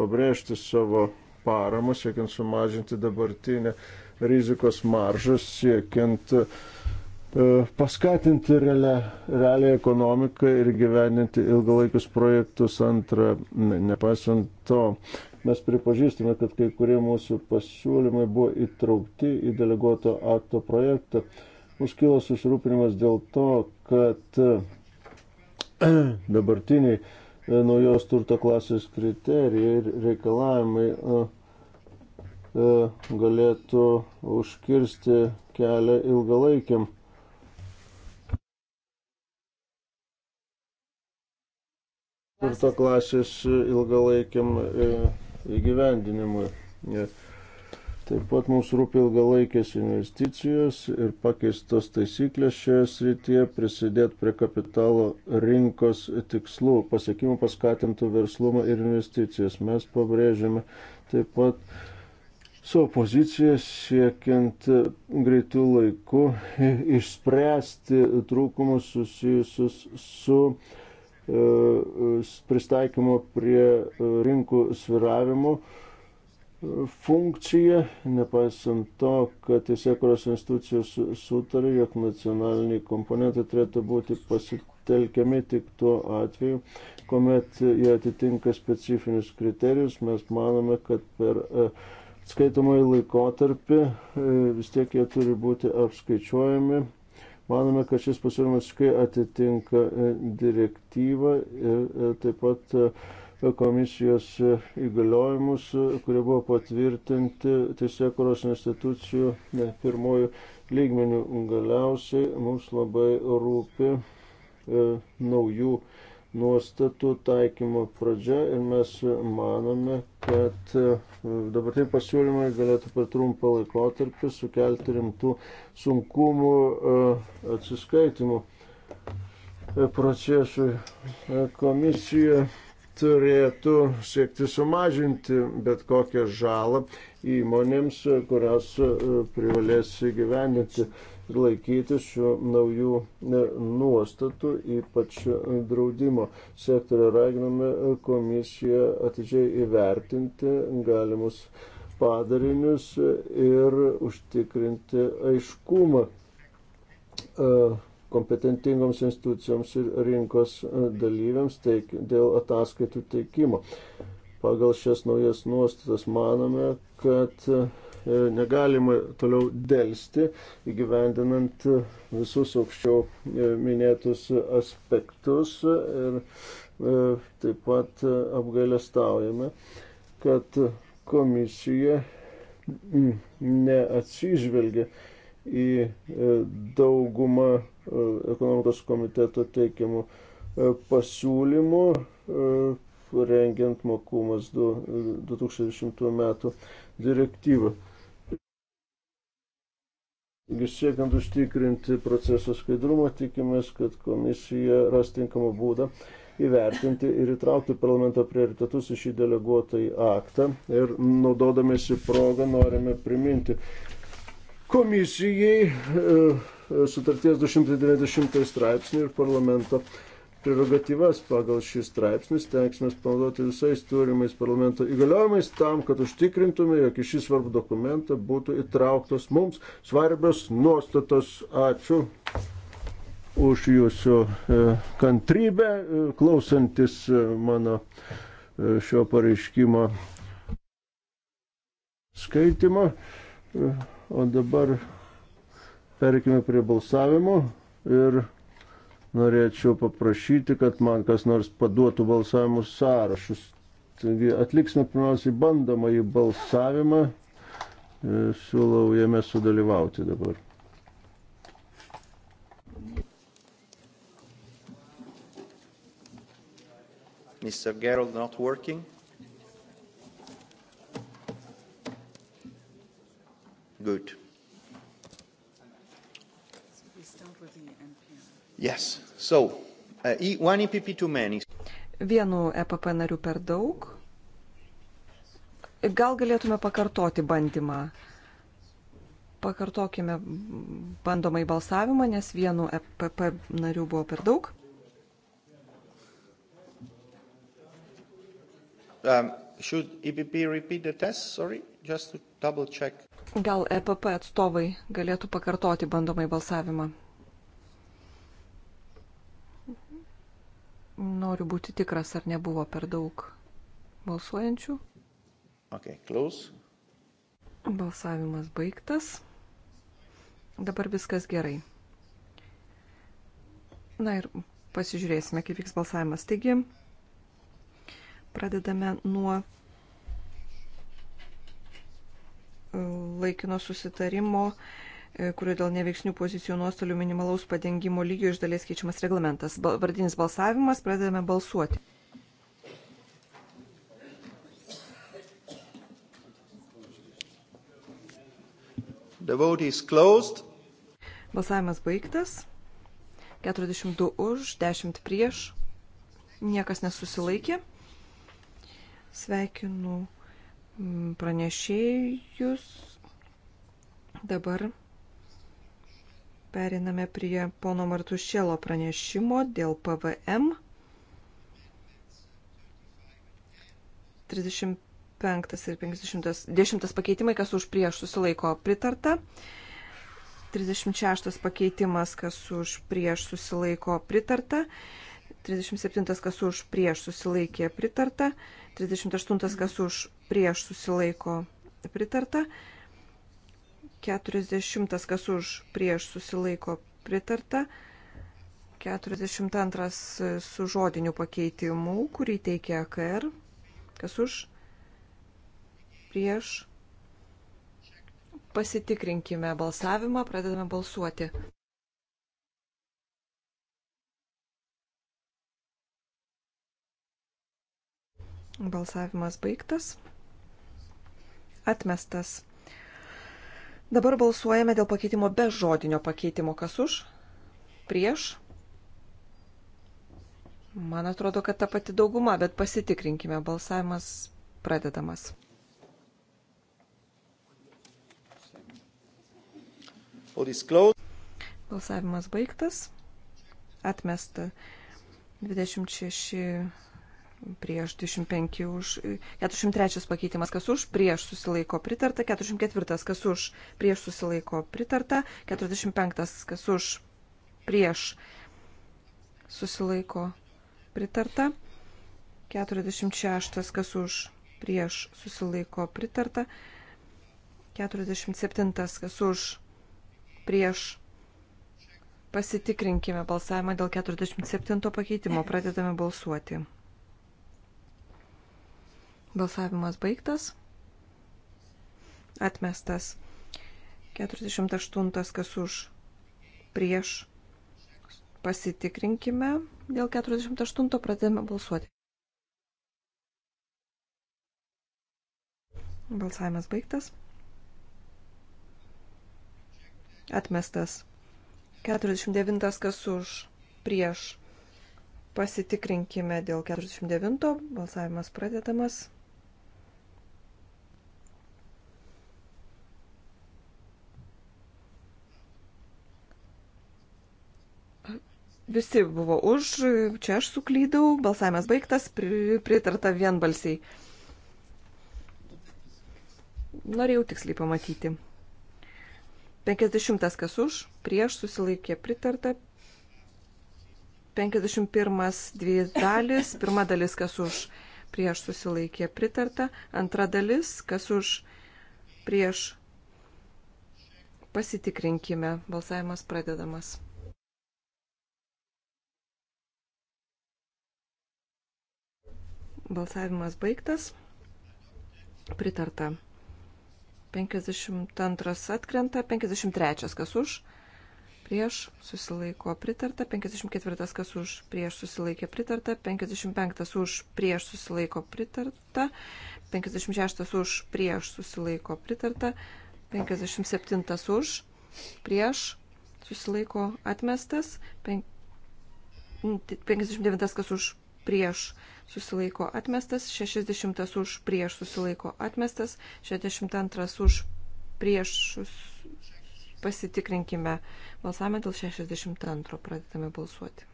pabrėžti savo paramą, siekiant sumažinti dabartinę rizikos maržas siekiant e, paskatinti realią, realią ekonomiką ir gyveninti ilgalaikius projektus. Antra, nepaisant to, mes pripažįstame, kad kai kurie mūsų pasiūlymai buvo įtraukti į deleguoto akto projektą. Mums kilo susirūpinimas dėl to, kad e, dabartiniai e, naujos turto klasės kriterijai ir reikalavimai E, galėtų užkirsti kelią ilgalaikiam turto klasės ilgalaikiam e, įgyvendinimui. E, taip pat mums rūpi ilgalaikės investicijos ir pakeistos taisyklės šioje srityje prisidėti prie kapitalo rinkos tikslų, pasiekimų paskatintų verslumą ir investicijas. Mes pabrėžiame taip pat su opozicija siekiant greitų laikų išspręsti trūkumus susijusius su e, pristaikymo prie e, rinkų sviravimo e, funkcija, nepaisant to, kad teisėkuros institucijos sutarė, jog nacionaliniai komponentai turėtų būti pasitelkiami tik tuo atveju, kuomet jie atitinka specifinius kriterijus, mes manome, kad per uh, skaitomąjį laikotarpį, e, vis tiek jie turi būti apskaičiuojami. Manome, kad šis pasiūlymas kai atitinka e, direktyvą ir e, taip pat komisijos įgaliojimus, kurie buvo patvirtinti teisėkuros institucijų pirmojų lygmenių. Galiausiai mums labai rūpi naujų nuostatų taikymo pradžia ir mes manome, kad e, dabartiniai pasiūlymai galėtų per trumpą laikotarpį sukelti rimtų sunkumų e, atsiskaitimų e, procesui. Komisija turėtų siekti sumažinti bet kokią žalą įmonėms, kurios privalės įgyvendinti ir laikytis šių naujų e, nuostatų, ypač draudimo sektorio. Raginame komisiją atidžiai įvertinti galimus padarinius ir užtikrinti aiškumą e, kompetentingoms institucijoms ir rinkos e, dalyviams teik, dėl ataskaitų teikimo. Pagal šias naujas nuostatas manome, kad E, negalima toliau dėlsti įgyvendinant visus aukščiau e, minėtus aspektus ir e, taip pat apgailestaujame, kad komisija mm, neatsižvelgia į daugumą ekonomikos komiteto teikiamų pasiūlymų, rengiant mokumas 2010 metų direktyvą. Siekiant užtikrinti proceso skaidrumą, tikimės, kad komisija ras tinkamą būdą įvertinti ir įtraukti parlamento prioritetus į šį deleguotą į aktą. Ir naudodamėsi progą norime priminti komisijai e, sutarties 290 straipsnį ir parlamento prerogatyvas pagal šį straipsnį stengsime panaudoti visais turimais parlamento įgaliojimais tam, kad užtikrintume, jog į šį svarbų dokumentą būtų įtrauktos mums svarbios nuostatos. Ačiū už jūsų e, kantrybę, e, klausantis e, mano šio pareiškimo skaitimo. O dabar perkime prie balsavimo ir norėčiau paprašyti, kad man kas nors paduotų balsavimų sąrašus. Taigi atliksime pirmiausiai bandomąjį balsavimą. E, siūlau jame sudalyvauti dabar. Mr. Gerald not working. Good. Yes. So, uh, e, one EPP too many. Vienu EPP nariu per daug. Gal galėtume pakartoti bandymą. Pakartokime bandomai balsavimą, nes vienu EPP nariu buvo per daug. Um, should EPP repeat the test? Sorry, just to double check. Gal EPP atstovai galėtų pakartoti bandomai balsavimą. Noriu būti tikras, ar nebuvo per daug balsuojančių. Okay, close. Balsavimas baigtas. Dabar viskas gerai. Na ir pasižiūrėsime, kaip vyks balsavimas. Taigi, pradedame nuo e, laikino susitarimo E, kurio dėl neveiksnių pozicijų nuostolių minimalaus padengimo lygio iš dalies keičiamas reglamentas. Vardinis balsavimas, pradedame balsuoti. The vote is closed. Balsavimas baigtas. 42 už, 10 prieš. Niekas nesusilaikė. Sveikinu mm, pranešėjus. Dabar Periname prie pono Martušėlo pranešimo dėl PVM. 35 ir 50 10 pakeitimai, kas už prieš susilaiko pritarta. 36 pakeitimas, kas už prieš susilaiko pritarta. 37 kas už prieš susilaikė pritarta. 38 kas už prieš susilaiko pritarta. 40 kas už prieš susilaiko pritarta. 42 su žodiniu pakeitimu, kurį teikia AKR. E kas už prieš pasitikrinkime balsavimą, pradedame balsuoti. Balsavimas baigtas. Atmestas. Dabar balsuojame dėl pakeitimo be žodinio pakeitimo. Kas už? Prieš? Man atrodo, kad ta pati dauguma, bet pasitikrinkime. Balsavimas pradedamas. Balsavimas baigtas. Atmesta 26 prieš 25 už, 403 pakeitimas, kas už, prieš susilaiko pritarta, 404 kas už, prieš susilaiko pritarta, 45 kas už, prieš susilaiko pritarta, 46 kas už, prieš susilaiko pritarta, 47 kas už, prieš pasitikrinkime balsavimą dėl 47 pakeitimo, pradedame balsuoti. Balsavimas baigtas. Atmestas. 48. Kas už prieš. Pasitikrinkime. Dėl 48 pradėjome balsuoti. Balsavimas baigtas. Atmestas. 49 kas už prieš. Pasitikrinkime dėl 49. Balsavimas pradedamas. Visi buvo už, čia aš suklydau, balsavimas baigtas, pritarta vienbalsiai. Norėjau tiksliai pamatyti. 50 kas už, prieš susilaikė pritarta. 51 dvi dalis, pirma dalis kas už, prieš susilaikė pritarta. Antra dalis kas už, prieš pasitikrinkime. Balsavimas pradedamas. Balsavimas baigtas. Pritarta. 52 atkrenta, 53 kas už, prieš susilaiko pritarta, 54 kas už, prieš susilaikė pritarta, 55 už, prieš susilaiko pritarta, 56 už, prieš susilaiko pritarta, 57 už, prieš susilaiko atmestas, 59 kas už, prieš susilaiko pritarta susilaiko atmestas, 60 už prieš susilaiko atmestas, 62 už prieš pasitikrinkime balsavimą dėl 62 pradedame balsuoti.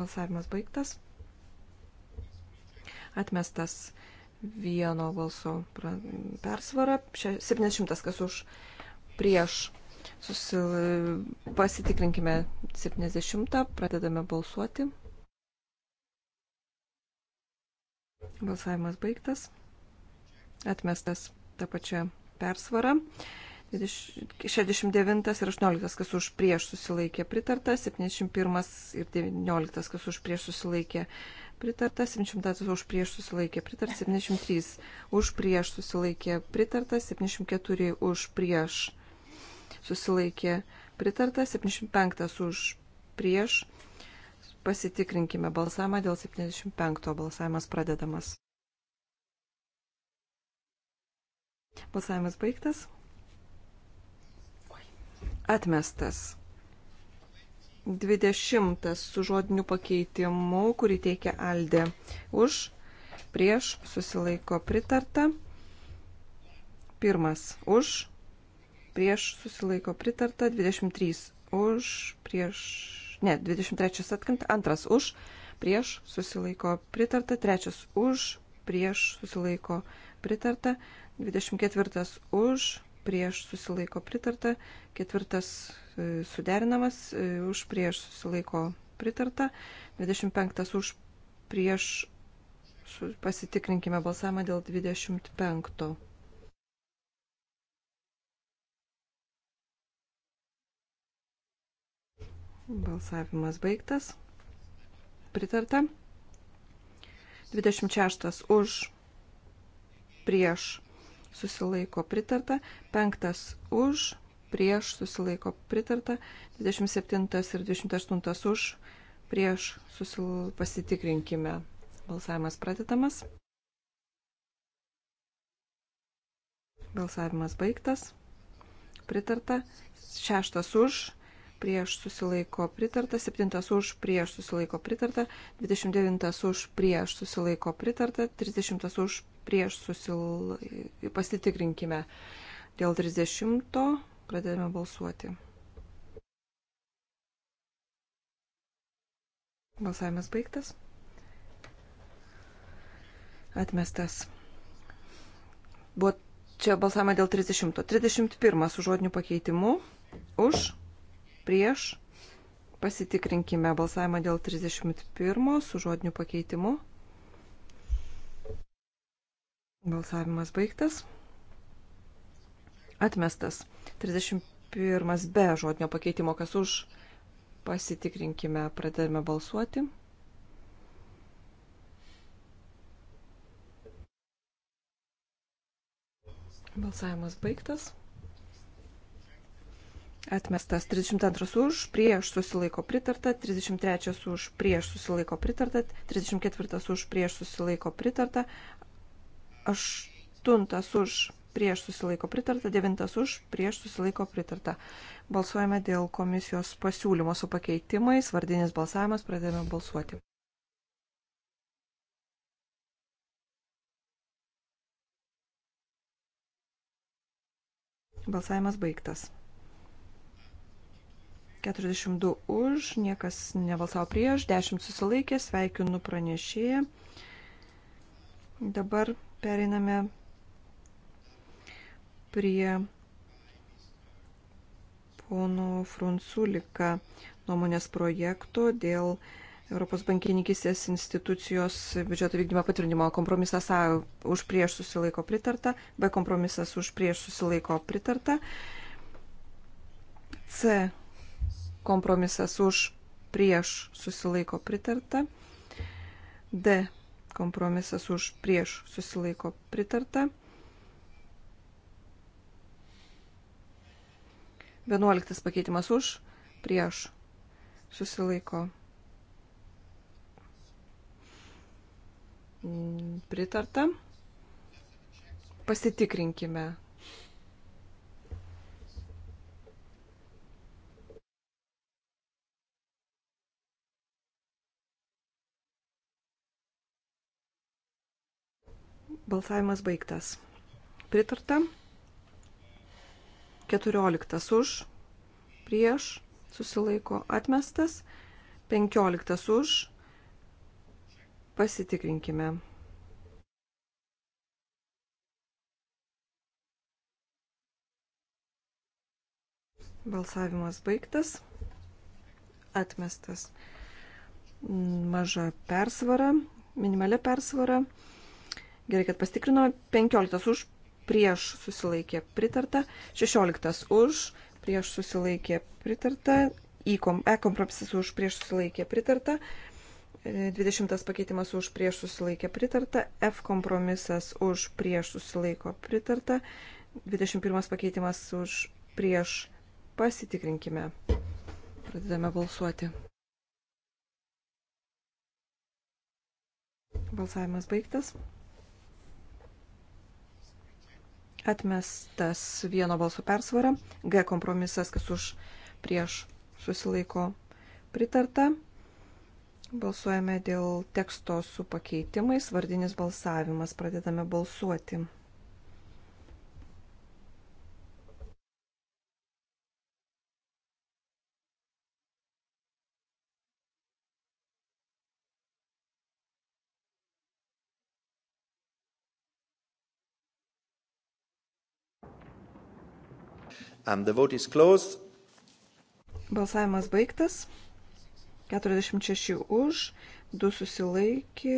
Balsavimas baigtas. Atmestas vieno balso persvara, 700 kas už prieš Susil... Pasitikrinkime 70, pradedame balsuoti. Balsavimas baigtas. Atmestas tą pačią persvarą. 69 ir 18, kas už prieš susilaikė pritarta, 71 ir 19, kas už prieš susilaikė pritarta, 700 už prieš susilaikė pritarta, 73 už prieš susilaikė pritarta, 74 už prieš susilaikė pritarta, 75 už prieš. Pasitikrinkime balsavimą dėl 75 balsavimas pradedamas. Balsavimas baigtas. Atmestas. 20 su žodiniu pakeitimu, kurį teikia Aldė. Už, prieš, susilaiko pritarta. Pirmas už, prieš susilaiko pritarta, 23 už, prieš, ne, 23 atkant, antras už, prieš susilaiko pritarta, trečias už, prieš susilaiko pritarta, 24 už, prieš susilaiko pritarta, ketvirtas e, suderinamas, e, už prieš susilaiko pritarta, 25 už prieš pasitikrinkime balsavimą dėl 25. Balsavimas baigtas. Pritarta. 26 už prieš susilaiko pritarta. 5 už prieš susilaiko pritarta. 27 ir 28 už prieš susil... pasitikrinkime. Balsavimas pradedamas. Balsavimas baigtas. Pritarta. Šeštas už, prieš susilaiko pritarta, 7 už prieš susilaiko pritarta, 29 už prieš susilaiko pritarta, 30 už prieš susilaiko. Pasitikrinkime dėl 30, pradedame balsuoti. Balsavimas baigtas. Atmestas. Buvo čia balsavimą dėl 30. 31 su žodiniu pakeitimu. Už prieš. Pasitikrinkime balsavimą dėl 31 su žodiniu pakeitimu. Balsavimas baigtas. Atmestas. 31 be žodinio pakeitimo, kas už. Pasitikrinkime, pradedame balsuoti. Balsavimas baigtas. Atmestas 32 už, prieš susilaiko pritarta, 33 už, prieš susilaiko pritarta, 34 už, prieš susilaiko pritarta, 8 už, prieš susilaiko pritarta, 9 už, prieš susilaiko pritarta. Balsuojame dėl komisijos pasiūlymo su pakeitimais, vardinis balsavimas, pradėjome balsuoti. Balsavimas baigtas. 42 už, niekas nevalsavo prieš, 10 susilaikė, sveikinu pranešėją. Dabar pereiname prie pono Frunsulika nuomonės projekto dėl Europos bankininkistės institucijos biudžeto vykdymo patvirtinimo kompromisas A už prieš susilaiko pritarta, B kompromisas už prieš susilaiko pritarta, C kompromisas už, prieš susilaiko pritarta. D kompromisas už, prieš susilaiko pritarta. 11 pakeitimas už, prieš, susilaiko. Pritarta. Pasitikrinkime Balsavimas baigtas. Pritarta. 14 už, prieš, susilaiko atmestas. 15 už. Pasitikrinkime. Balsavimas baigtas. Atmestas. Maža persvara, minimali persvara. Gerai, kad pastikrinome. 15 už, prieš susilaikė pritarta. 16 už, prieš susilaikė pritarta. E kompromisas už, prieš susilaikė pritarta. 20 e, pakeitimas už, prieš susilaikė pritarta. F kompromisas už, prieš susilaiko pritarta. 21 pakeitimas už, prieš pasitikrinkime. Pradedame balsuoti. Balsavimas baigtas. Atmestas vieno balso persvara. G kompromisas, kas už prieš susilaiko pritarta. Balsuojame dėl teksto su pakeitimais. Vardinis balsavimas. Pradedame balsuoti. And the vote is closed. Balsavimas baigtas. 46 už, 2 susilaikė.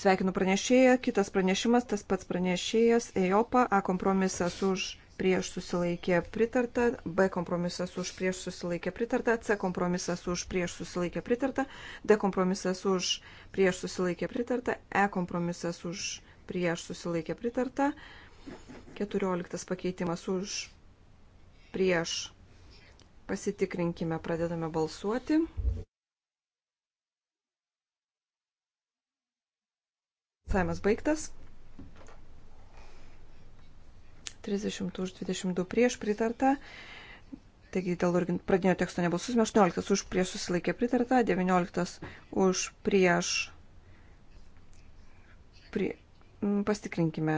Sveikinu pranešėją, kitas pranešimas, tas pats pranešėjas, EOPA, A kompromisas už prieš susilaikė pritarta, B kompromisas už prieš susilaikė pritarta, C kompromisas už prieš susilaikė pritarta, D kompromisas už prieš susilaikė pritarta, E kompromisas už prieš susilaikė pritarta, 14 pakeitimas už prieš. Pasitikrinkime, pradedame balsuoti. Saimas baigtas. 30 už 22 prieš pritarta. Taigi dėl pradinio teksto nebalsusime. 18 už prieš susilaikė pritarta, 19 už prieš. Prie, Mm, pastikrinkime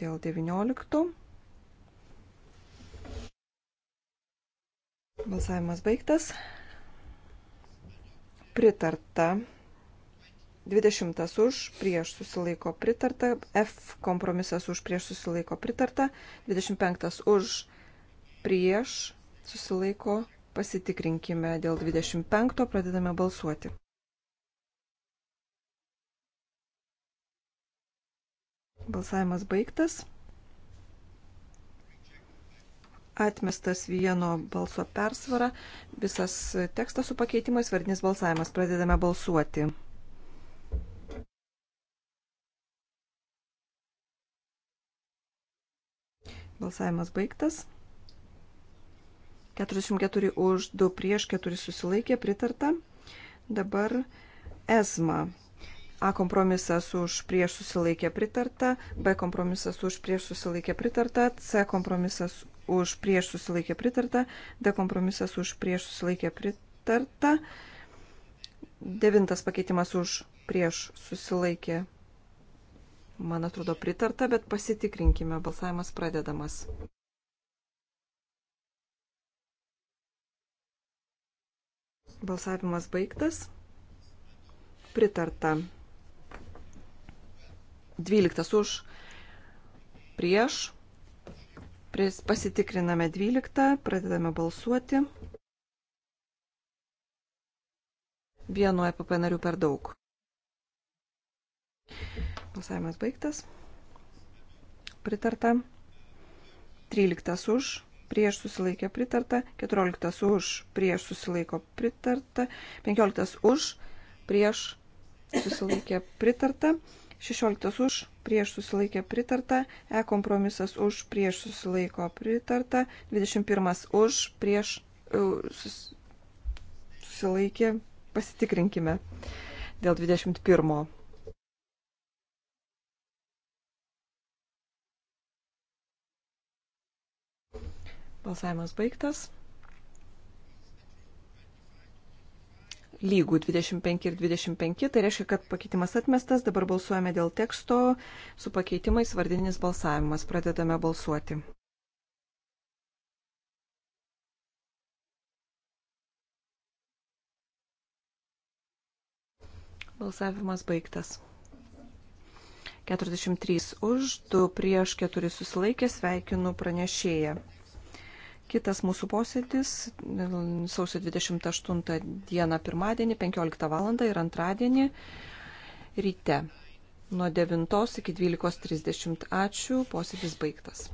dėl 19. Balsavimas baigtas. Pritarta. 20 už, prieš susilaiko pritarta, F kompromisas už, prieš susilaiko pritarta, 25 už, prieš susilaiko pasitikrinkime dėl 25, pradedame balsuoti. Balsavimas baigtas. Atmestas vieno balso persvara. Visas tekstas su pakeitimais, vardinis balsavimas. Pradedame balsuoti. Balsavimas baigtas. 44 už, 2 prieš, 4 susilaikė, pritarta. Dabar esma A kompromisas už prieš susilaikė pritarta, B kompromisas už prieš susilaikė pritarta, C kompromisas už prieš susilaikė pritarta, D kompromisas už prieš susilaikė pritarta, devintas pakeitimas už prieš susilaikė, man atrodo, pritarta, bet pasitikrinkime, balsavimas pradedamas. Balsavimas baigtas. Pritarta. 12 už, prieš, pasitikriname 12, pradedame balsuoti. Vienu EPP nariu per daug. Balsavimas baigtas. Pritarta. 13 už, prieš susilaikė pritarta, 14 už, prieš susilaiko pritarta, 15 už, prieš susilaikė pritarta, 16 už, prieš susilaikė pritarta, E kompromisas už, prieš susilaiko pritarta, 21 už, prieš e, susilaikė, pasitikrinkime dėl 21. Balsavimas baigtas. lygų 25 ir 25, tai reiškia, kad pakeitimas atmestas, dabar balsuojame dėl teksto su pakeitimais vardinis balsavimas. Pradedame balsuoti. Balsavimas baigtas. 43 už, 2 prieš, 4 susilaikė, sveikinu pranešėją. Kitas mūsų posėdis sausio 28 dieną pirmadienį 15 val. ir antradienį ryte nuo 9 iki 12.30. Ačiū, posėdis baigtas.